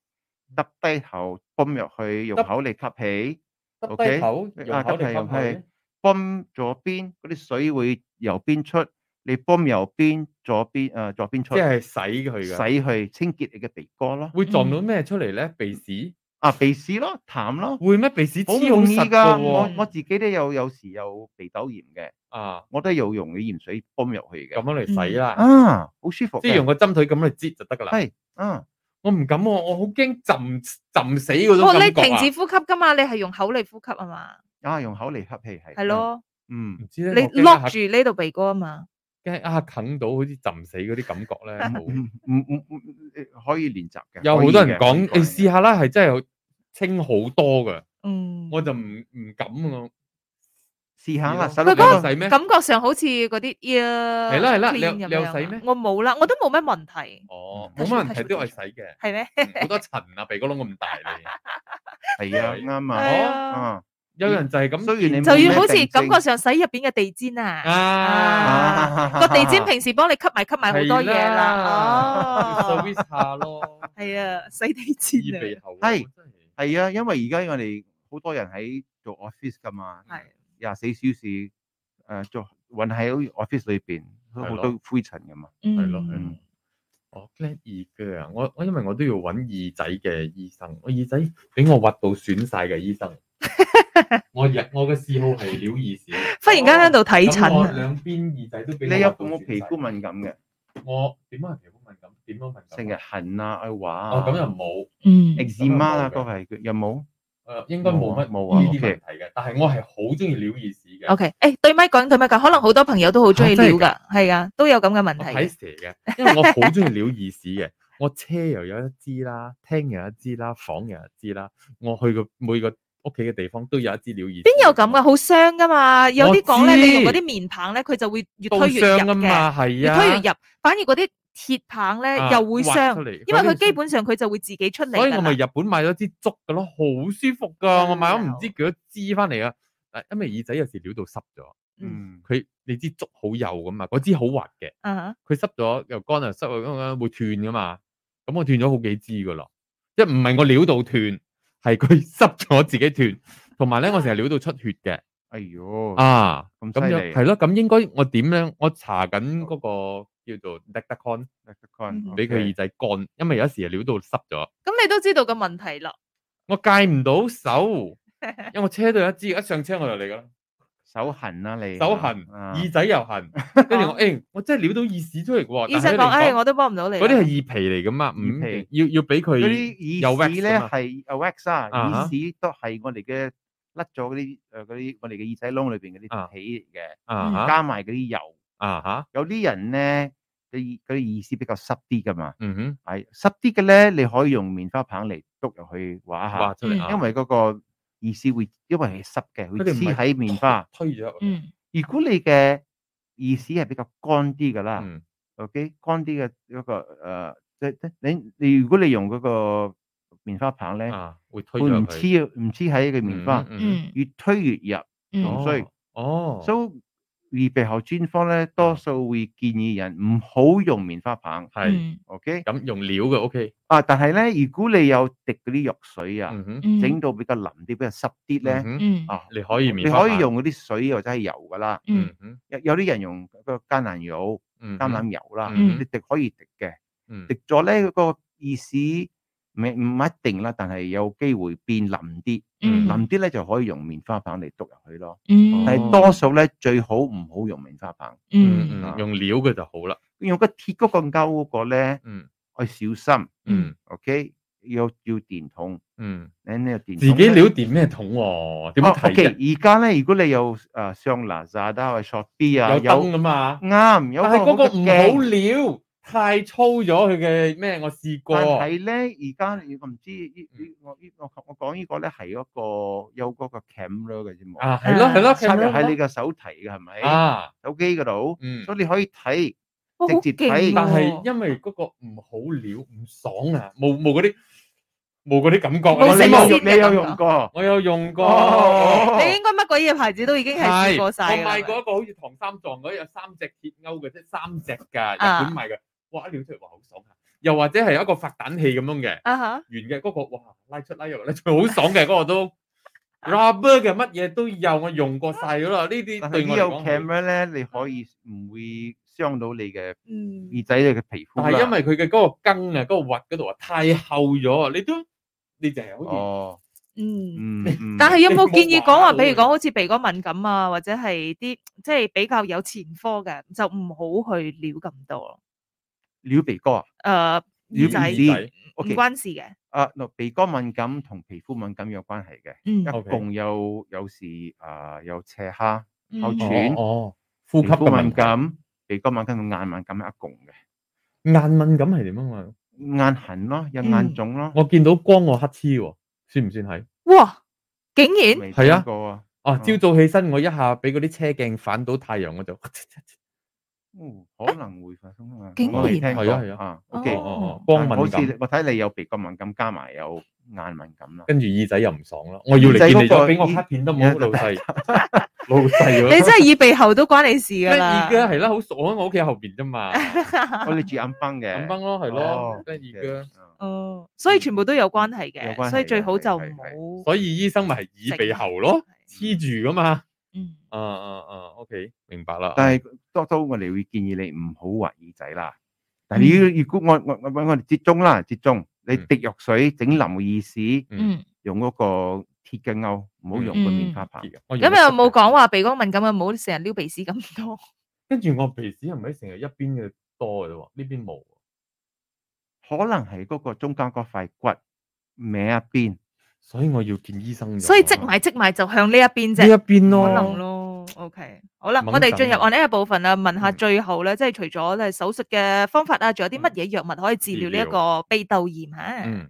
耷低頭泵入去，用口嚟吸起，耷低頭，用口嚟吸起，泵咗邊嗰啲水會由邊出。你泵右邊、左邊，誒，左邊出，即係洗佢，洗去清潔你嘅鼻哥咯。會撞到咩出嚟咧？鼻屎啊，鼻屎咯，痰咯，會咩？鼻屎黐好實噶，我自己都有有時有鼻竇炎嘅啊，我都有用嘅鹽水泵入去嘅，咁樣嚟洗啦，啊，好舒服，即係用個針腿咁去擠就得噶啦。係，啊！我唔敢我，我好驚浸浸死嗰種感覺啊！你停止呼吸噶嘛？你係用口嚟呼吸啊嘛？啊，用口嚟吸氣係，係咯，嗯，唔知咧，你落住呢度鼻哥啊嘛？跟住啊，啃到好似浸死嗰啲感覺咧，冇，唔唔可以練習嘅。有好多人講，你試下啦，係真係清好多噶。嗯，我就唔唔敢咯。試下啦，使嗰個咩？感覺上好似嗰啲，係啦係啦，你你使咩？我冇啦，我都冇咩問題。哦，冇咩問題都係使嘅。係咩？好多塵啊，鼻哥窿咁大，你，係啊，啱啊，有人就係咁，所以你就要好似感覺上洗入邊嘅地氈啊，個地氈平時幫你吸埋吸埋好多嘢啦，哦，掃下咯，係啊，洗地氈啊，係係啊，因為而家我哋好多人喺做 office 噶嘛，係廿四小時誒做，揾喺 office 裏邊好多灰塵噶嘛，係咯，我耳嘅，我我因為我都要揾耳仔嘅醫生，我耳仔俾我挖到損晒嘅醫生。 我日我嘅嗜好係撩耳屎， 忽然間喺度睇診啊！兩邊耳仔都俾我你有皮膚敏感嘅，我點解皮膚敏感？點樣敏感？成日痕啊，愛、哎、劃啊！哦，咁、嗯、又冇，e x m a 啊，都係又冇，誒，應該冇乜冇呢啲問題嘅，但係我係好中意撩耳屎嘅。O K，誒，對咪講對咪講，可能好多朋友都好中意撩噶，係啊，都有咁嘅問題。睇蛇嘅，因為我好中意撩耳屎嘅， 我車又有一支啦，廳又一支啦，啦，房又一支啦，我去過每個。屋企嘅地方都有一支撩耳，邊有咁嘅？好傷噶嘛！有啲講咧，你用嗰啲棉棒咧，佢就會越推越入嘅。傷啊嘛，係啊，越推越入。反而嗰啲鐵棒咧，啊、又會傷。因為佢基本上佢就會自己出嚟。所以我咪日本買咗支竹噶咯，好舒服噶、嗯。我買咗唔知幾多支返嚟啊。因為耳仔有時撩到濕咗，嗯，佢你支竹好幼噶、嗯、嘛，嗰支好滑嘅，佢濕咗又乾又濕，咁樣會斷噶嘛。咁我斷咗好幾支噶啦，即係唔係我撩到斷。係佢濕咗自己斷，同埋咧我成日撩到出血嘅，哎喲呦，啊咁犀利，係咯、啊，咁應該我點咧？我查緊、那、嗰個好叫做 Deacon，Deacon 俾佢、嗯、耳仔乾，嗯、因為有時啊撩到濕咗。咁你都知道個問題啦，我戒唔到手，因為我車都有一支，一上車我就嚟噶啦。手痕啦，你手痕，耳仔又痕，跟住我，誒，我真係撩到耳屎出嚟喎。醫生講，誒，我都幫唔到你。嗰啲係耳皮嚟噶嘛，五皮要要俾佢。嗰啲耳屎咧係 a wax 啊，耳屎都係我哋嘅甩咗嗰啲誒，啲我哋嘅耳仔窿裏邊嗰啲皮嚟嘅，加埋嗰啲油。啊哈，有啲人咧，啲啲耳屎比較濕啲噶嘛。嗯哼，係濕啲嘅咧，你可以用棉花棒嚟捉入去畫一下。畫出嚟，因為嗰個。意思會，因為係濕嘅，會黐喺棉花推咗。嗯，如果你嘅意思係比較乾啲㗎喇，OK，乾啲嘅嗰個誒，即、呃、係你你如果你用嗰個棉花棒咧、啊，會推唔黐唔黐喺個棉花，嗯嗯、越推越入，所以、嗯、衰哦，所、哦、以。So, 而耳鼻喉專科咧，多數會建議人唔好用棉花棒，係 OK。咁用料嘅 OK。啊，但係咧，如果你有滴嗰啲藥水啊，整到比較腍啲、比較濕啲咧，啊，你可以你可以用嗰啲水或者係油噶啦。嗯哼，有有啲人用個橄欖油、橄欖油啦，你滴可以滴嘅。滴咗咧，個意思唔唔一定啦，但係有機會變腍啲。腍啲咧就可以用棉花棒嚟篤入去咯，但係多數咧最好唔好用棉花棒，用料嘅就好啦。用個鐵嗰個鈎嗰個咧，我小心。嗯，OK，要要電筒。嗯，你呢個電自己料電咩筒？點樣睇？OK，而家咧，如果你有啊 Lazada 啊，或者 Shopee 啊，有咁啊嘛，啱。但係嗰個唔好撩。太粗咗佢嘅咩？我試過，但係咧而家我唔知呢呢我呢我我講呢個咧係個有嗰個 camera 嘅啫嘛，係咯係咯，插入喺你個手提嘅係咪啊？手機嗰度，所以你可以睇直接睇，但係因為嗰個唔好料唔爽啊，冇冇嗰啲冇嗰啲感覺。冇你有用過，我有用過，你應該乜鬼嘢牌子都已經係試過晒。我買嗰個好似唐三藏嗰啲有三隻鐵鈎嘅啫，三隻噶，日本賣嘅。挖料出嚟，話好爽，又或者係一個發彈器咁樣嘅，圓嘅嗰個哇，拉出拉入拉出好爽嘅嗰個都 rubber 嘅乜嘢都有，我用過晒咗啦。呢啲有 camera 咧，你可以唔會傷到你嘅耳仔你嘅皮膚。係因為佢嘅嗰個根啊，嗰個核嗰度啊太厚咗，你都你就係可以。哦，嗯嗯，但係有冇建議講話，譬如講好似鼻哥敏感啊，或者係啲即係比較有前科嘅，就唔好去撩咁多。撩鼻哥，誒，撩鼻屎，唔關事嘅。啊，鼻哥敏感同皮膚敏感有關係嘅，一共有有時啊，有斜哈，哮喘，哦，呼吸敏感，鼻哥敏感同眼敏感係一共嘅。眼敏感係點樣啊？眼痕咯，有眼腫咯。我見到光我黑黐，算唔算係？哇，竟然係啊！哦，朝早起身我一下俾嗰啲車鏡反到太陽嗰度。哦，可能會發生啊！竟然係啊係啊啊！O K，光敏感，我睇你有鼻過敏感，加埋有眼敏感啦，跟住耳仔又唔爽咯。我要嚟見你，再俾我拍片都冇老細，老細。你真係耳鼻喉都關你事噶啦！熱嘅係啦，好熟啊！我屋企後邊啫嘛，我哋住暗崩嘅暗崩咯，係咯，真係耳嘅。哦，所以全部都有關係嘅，所以最好就唔好。所以醫生咪係耳鼻喉咯，黐住噶嘛。嗯，啊啊啊，OK，明白啦。但係多數我哋會建議你唔好挖耳仔啦。但係你要如果我我我我哋接中啦，接中你滴藥水整腍耳屎，嗯，用嗰個鐵嘅鈎，唔好用個棉花棒。咁又冇講話鼻哥敏感啊，唔好成日撩鼻屎咁多。跟住我鼻屎係咪成日一邊嘅多嘅啫？呢邊冇，可能係嗰個中間嗰塊骨歪一邊。所以我要見醫生。所以積埋積埋就向呢一邊啫，呢一邊咯，可能咯。我 OK，好啦，正確 我哋進入呢一部分啦，問下最後咧，即係、嗯、除咗咧手術嘅方法啊，仲有啲乜嘢藥物可以治療呢一個鼻竇炎吓？嗯。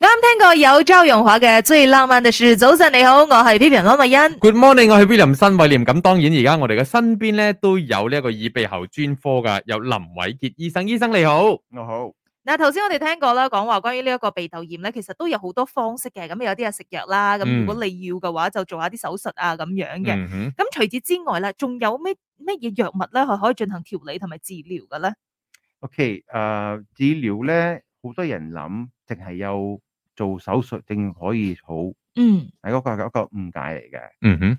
啱聽過有趙詠華嘅《最浪漫嘅事》。早晨你好，我係 Melody 安慧欣。Good morning，我係 William 申慧廉。咁當然而家我哋嘅身邊咧都有呢一個耳鼻喉專科噶，有林偉傑醫生。醫生你好，我好。嗱，頭先我哋聽過啦，講話關於呢一個鼻竇炎咧，其實都有好多方式嘅。咁有啲係食藥啦，咁如果你要嘅話就做下啲手術啊咁樣嘅。咁除此之外啦，仲有咩乜嘢藥物咧，係可以進行調理同埋治療嘅咧？OK，誒，治療咧，好多人諗。淨係有做手術，定可以好。嗯，係嗰個一個誤解嚟嘅。嗯哼，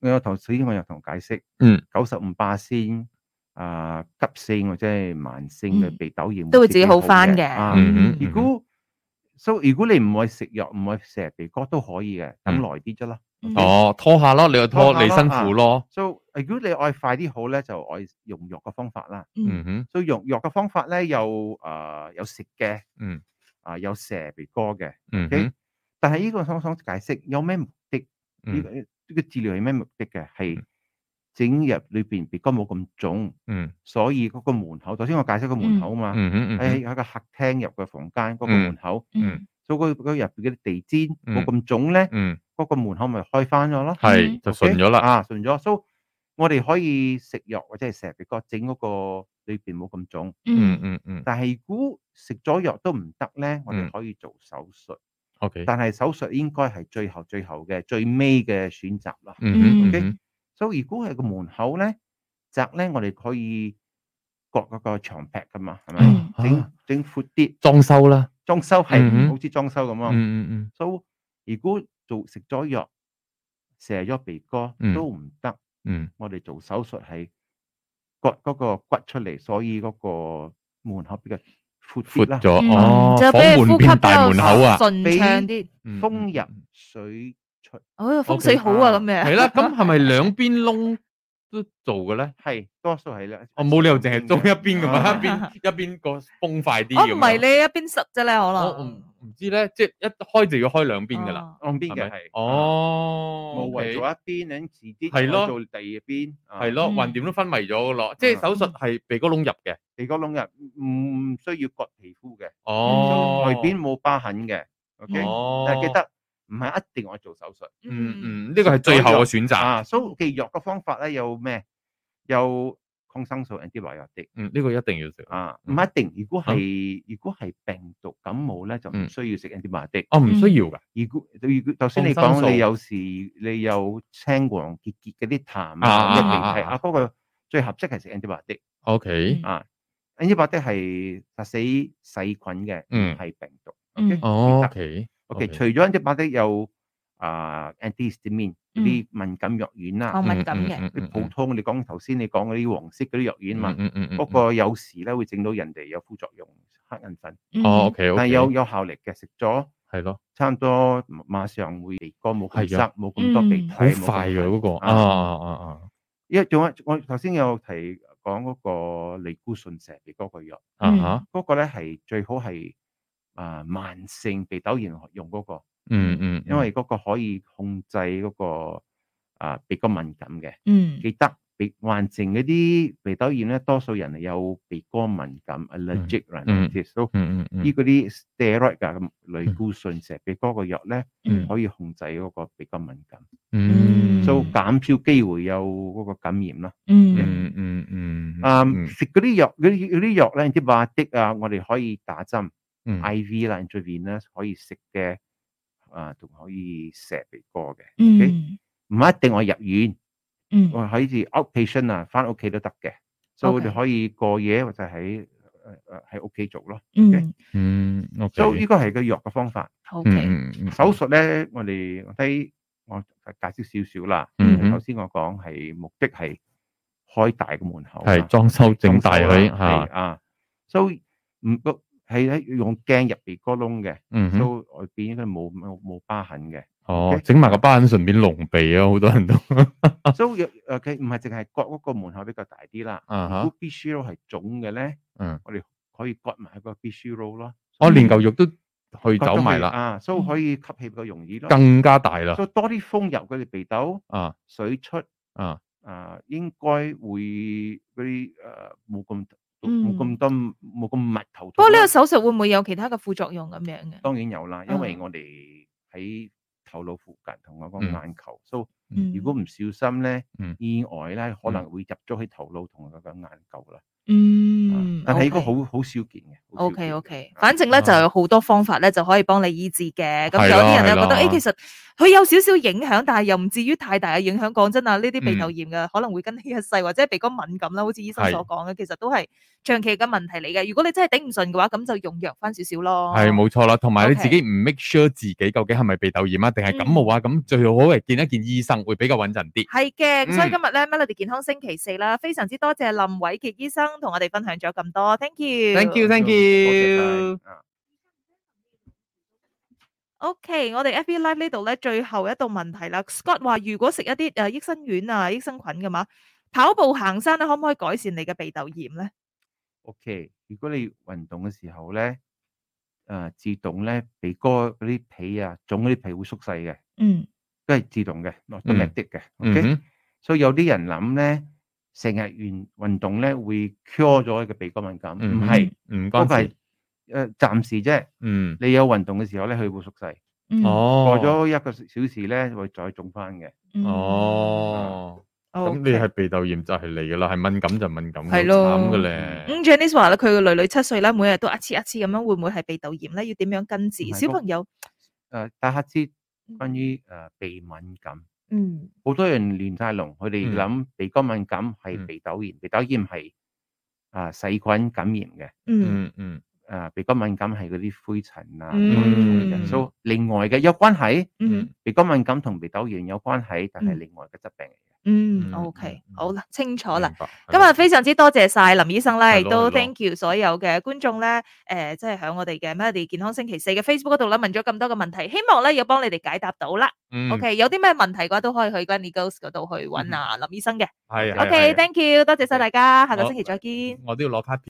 我頭先我又同解釋。嗯，九十五巴仙啊，急性或者係慢性嘅鼻竇炎都會自己好翻嘅。嗯哼，如果所以如果你唔愛食藥，唔愛食鼻哥都可以嘅，等耐啲咋咯。哦，拖下咯，你又拖，你辛苦咯。所以如果你愛快啲好咧，就愛用藥嘅方法啦。嗯哼，所以用藥嘅方法咧，又啊有食嘅。嗯。啊，有蛇鼻哥嘅，嗯，但係呢個我想解釋，有咩目的？呢個呢個治療係咩目的嘅？係整入裏邊鼻哥冇咁腫，嗯，所以嗰個門口，頭先我解釋個門口啊嘛，喺喺個客廳入嘅房間嗰個門口，嗯，所以佢佢入邊嗰啲地氈冇咁腫咧，嗯，嗰個門口咪開翻咗咯，係就順咗啦，啊，順咗，所以。我哋可以食藥或者係蛇鼻哥，整嗰個裏面冇咁腫。嗯嗯嗯。但係如果食咗藥都唔得咧，我哋可以做手術。O K。但係手術應該係最後最後嘅最尾嘅選擇啦。嗯嗯。O K。所以如果係個門口咧窄咧，我哋可以割嗰個牆壁噶嘛，係咪？整整闊啲，裝修啦。裝修係好似裝修咁囉。嗯嗯。所以如果做食咗藥，蛇咗鼻哥都唔得。嗯，我哋做手術係割嗰個骨出嚟，所以嗰個門口比較闊闊咗哦。嗯、就兩邊大門口啊，順暢啲。嗯，風入水出，嗯嗯、哦風水好啊，咁樣係啦。咁係咪兩邊窿？都做嘅咧，係多數係咧，我冇理由淨係做一邊噶嘛，一邊一邊個鬆快啲嘅，哦唔係你一邊實啫咧，可能我唔唔知咧，即係一開就要開兩邊噶啦，兩邊嘅係，哦，冇謂做一邊，等遲啲再做第二邊，係咯，橫掂都昏迷咗咯，即係手術係鼻哥窿入嘅，鼻哥窿入唔唔需要割皮膚嘅，哦，外邊冇疤痕嘅，O K，但記得。唔係一定我做手術，嗯嗯，呢個係最後嘅選擇啊。所以寄藥嘅方法咧有咩？有抗生素 Antibiotic，嗯，呢個一定要食啊。唔一定，如果係如果係病毒感冒咧，就唔需要食 Antibiotic。哦，唔需要噶。如果如果頭先你講你有時你有青黃結結嗰啲痰啊，係啊，嗰個最合適係食 Antibiotic。OK 啊，Antibiotic 係殺死細菌嘅，嗯，係病毒。OK。O K，除咗呢隻白的有啊，antihistamine 啲敏感藥丸啦，敏感嘅，啲普通你講頭先你講嗰啲黃色嗰啲藥丸嘛，嗯嗯嗯，不過有時咧會整到人哋有副作用，黑人粉，哦 O K，但係有有效力嘅，食咗係咯，差唔多馬上會個毛皮塞冇咁多鼻涕，快咗嗰個，啊啊啊啊，因為仲有我頭先有提講嗰個尼古信石，嘅嗰個藥，啊哈，嗰個咧係最好係。啊，慢性鼻竇炎用嗰、那個，嗯嗯，因為嗰個可以控制嗰、那個啊鼻哥敏感嘅，嗯，記得患鼻患症嗰啲鼻竇炎咧，多數人係有鼻哥敏感 allergic，嗯嗯，都嗯啲 steroid 啊，stero 類固醇石鼻哥個藥咧，mm, mm, 可以控制嗰個鼻哥敏感，嗯，就減少機會有嗰個感染啦，嗯嗯嗯嗯，啊，食嗰啲藥嗰啲嗰啲藥咧啲藥滴啊，我哋可以打針。嗯，I.V. 啦，intravenous 啦，可以食嘅，啊，同可以射鼻波嘅，OK，唔一定我入院，嗯，我可以住 outpatient 啊，翻屋企都得嘅。所以我哋可以過夜或者喺誒誒喺屋企做咯，嗯嗯，都呢個係個藥嘅方法，嗯嗯嗯，手術咧，我哋低我解釋少少啦，嗯嗯，頭先我講係目的係開大個門口，係裝修整大佢吓啊，所以唔不。係喺用鏡入邊割窿嘅，都外邊應該冇冇冇疤痕嘅。哦，整埋個疤痕順便隆鼻啊，好多人都都，ok 唔係淨係割嗰個門口比較大啲啦。啊，鼻須窿係腫嘅咧，嗯，我哋可以割埋個鼻須窿咯。我連舊肉都去走埋啦，啊，所以可以吸氣比較容易咯，更加大啦，多啲風入佢哋鼻竇，啊，水出，啊啊，應該會啲誒冇咁。冇咁多，冇咁密頭。不過呢個手術會唔會有其他嘅副作用咁樣嘅？當然有啦，因為我哋喺頭腦附近同我講眼球，嗯、所以如果唔小心咧，意外咧可能會入咗去頭腦同個個眼球啦。嗯，啊、但係應該好好、嗯 okay, 少見嘅。O K O K，反正咧、啊、就有好多方法咧就可以幫你醫治嘅。咁有啲人咧覺得誒、哎，其實。佢有少少影響，但係又唔至於太大嘅影響。講真啊，呢啲鼻竇炎嘅可能會跟呢一世，或者鼻哥敏感啦，好似醫生所講嘅，其實都係長期嘅問題嚟嘅。如果你真係頂唔順嘅話，咁就用藥翻少少咯。係冇錯啦，同埋你自己唔 make sure 自己究竟係咪鼻竇炎啊，定係感冒啊，咁最好係見一見醫生會比較穩陣啲。係嘅，所以今日咧，Melody 健康星期四啦，非常之多謝林偉杰醫生同我哋分享咗咁多，thank you，thank you，thank you。O.K.，我哋 F.B.Live 呢度咧，最後一道問題啦。Scott 話如果食一啲誒益生丸啊、益生菌嘅話，跑步行山咧，可唔可以改善你嘅鼻竇炎咧？O.K.，如果你運動嘅時候咧，誒自動咧鼻哥嗰啲皮啊、腫嗰啲皮會縮細嘅，嗯，都係自動嘅，都唔係啲嘅，O.K.，所以有啲人諗咧，成日完運動咧會 cure 咗你嘅鼻哥敏感，唔係，唔該。誒，暫時啫。嗯，你有運動嘅時候咧，佢會縮細。嗯，哦，過咗一個小時咧，會再腫翻嘅。哦，咁你係鼻竇炎就係嚟噶啦，係敏感就敏感。係咯，咁嘅咧。咁 Jenny 話啦，佢個女女七歲啦，每日都一次一次咁樣，會唔會係鼻竇炎咧？要點樣根治？小朋友誒，打乞嗤關於誒鼻敏感。嗯，好多人亂晒龍，佢哋諗鼻哥敏感係鼻竇炎，鼻竇炎係啊細菌感染嘅。嗯嗯。啊，鼻哥敏感係嗰啲灰塵啊，所以另外嘅有關係。嗯，鼻哥敏感同鼻竇炎有關係，但係另外嘅疾病嚟嘅。嗯，OK，好啦，清楚啦。今日非常之多謝晒林醫生啦，亦都 thank you 所有嘅觀眾咧。誒，即係喺我哋嘅 Melody 健康星期四嘅 Facebook 嗰度咧問咗咁多嘅問題，希望咧要幫你哋解答到啦。嗯，OK，有啲咩問題嘅話都可以去 Gundigos 嗰度去揾啊林醫生嘅。係。OK，thank you，多謝晒大家，下個星期再見。我都要攞卡片。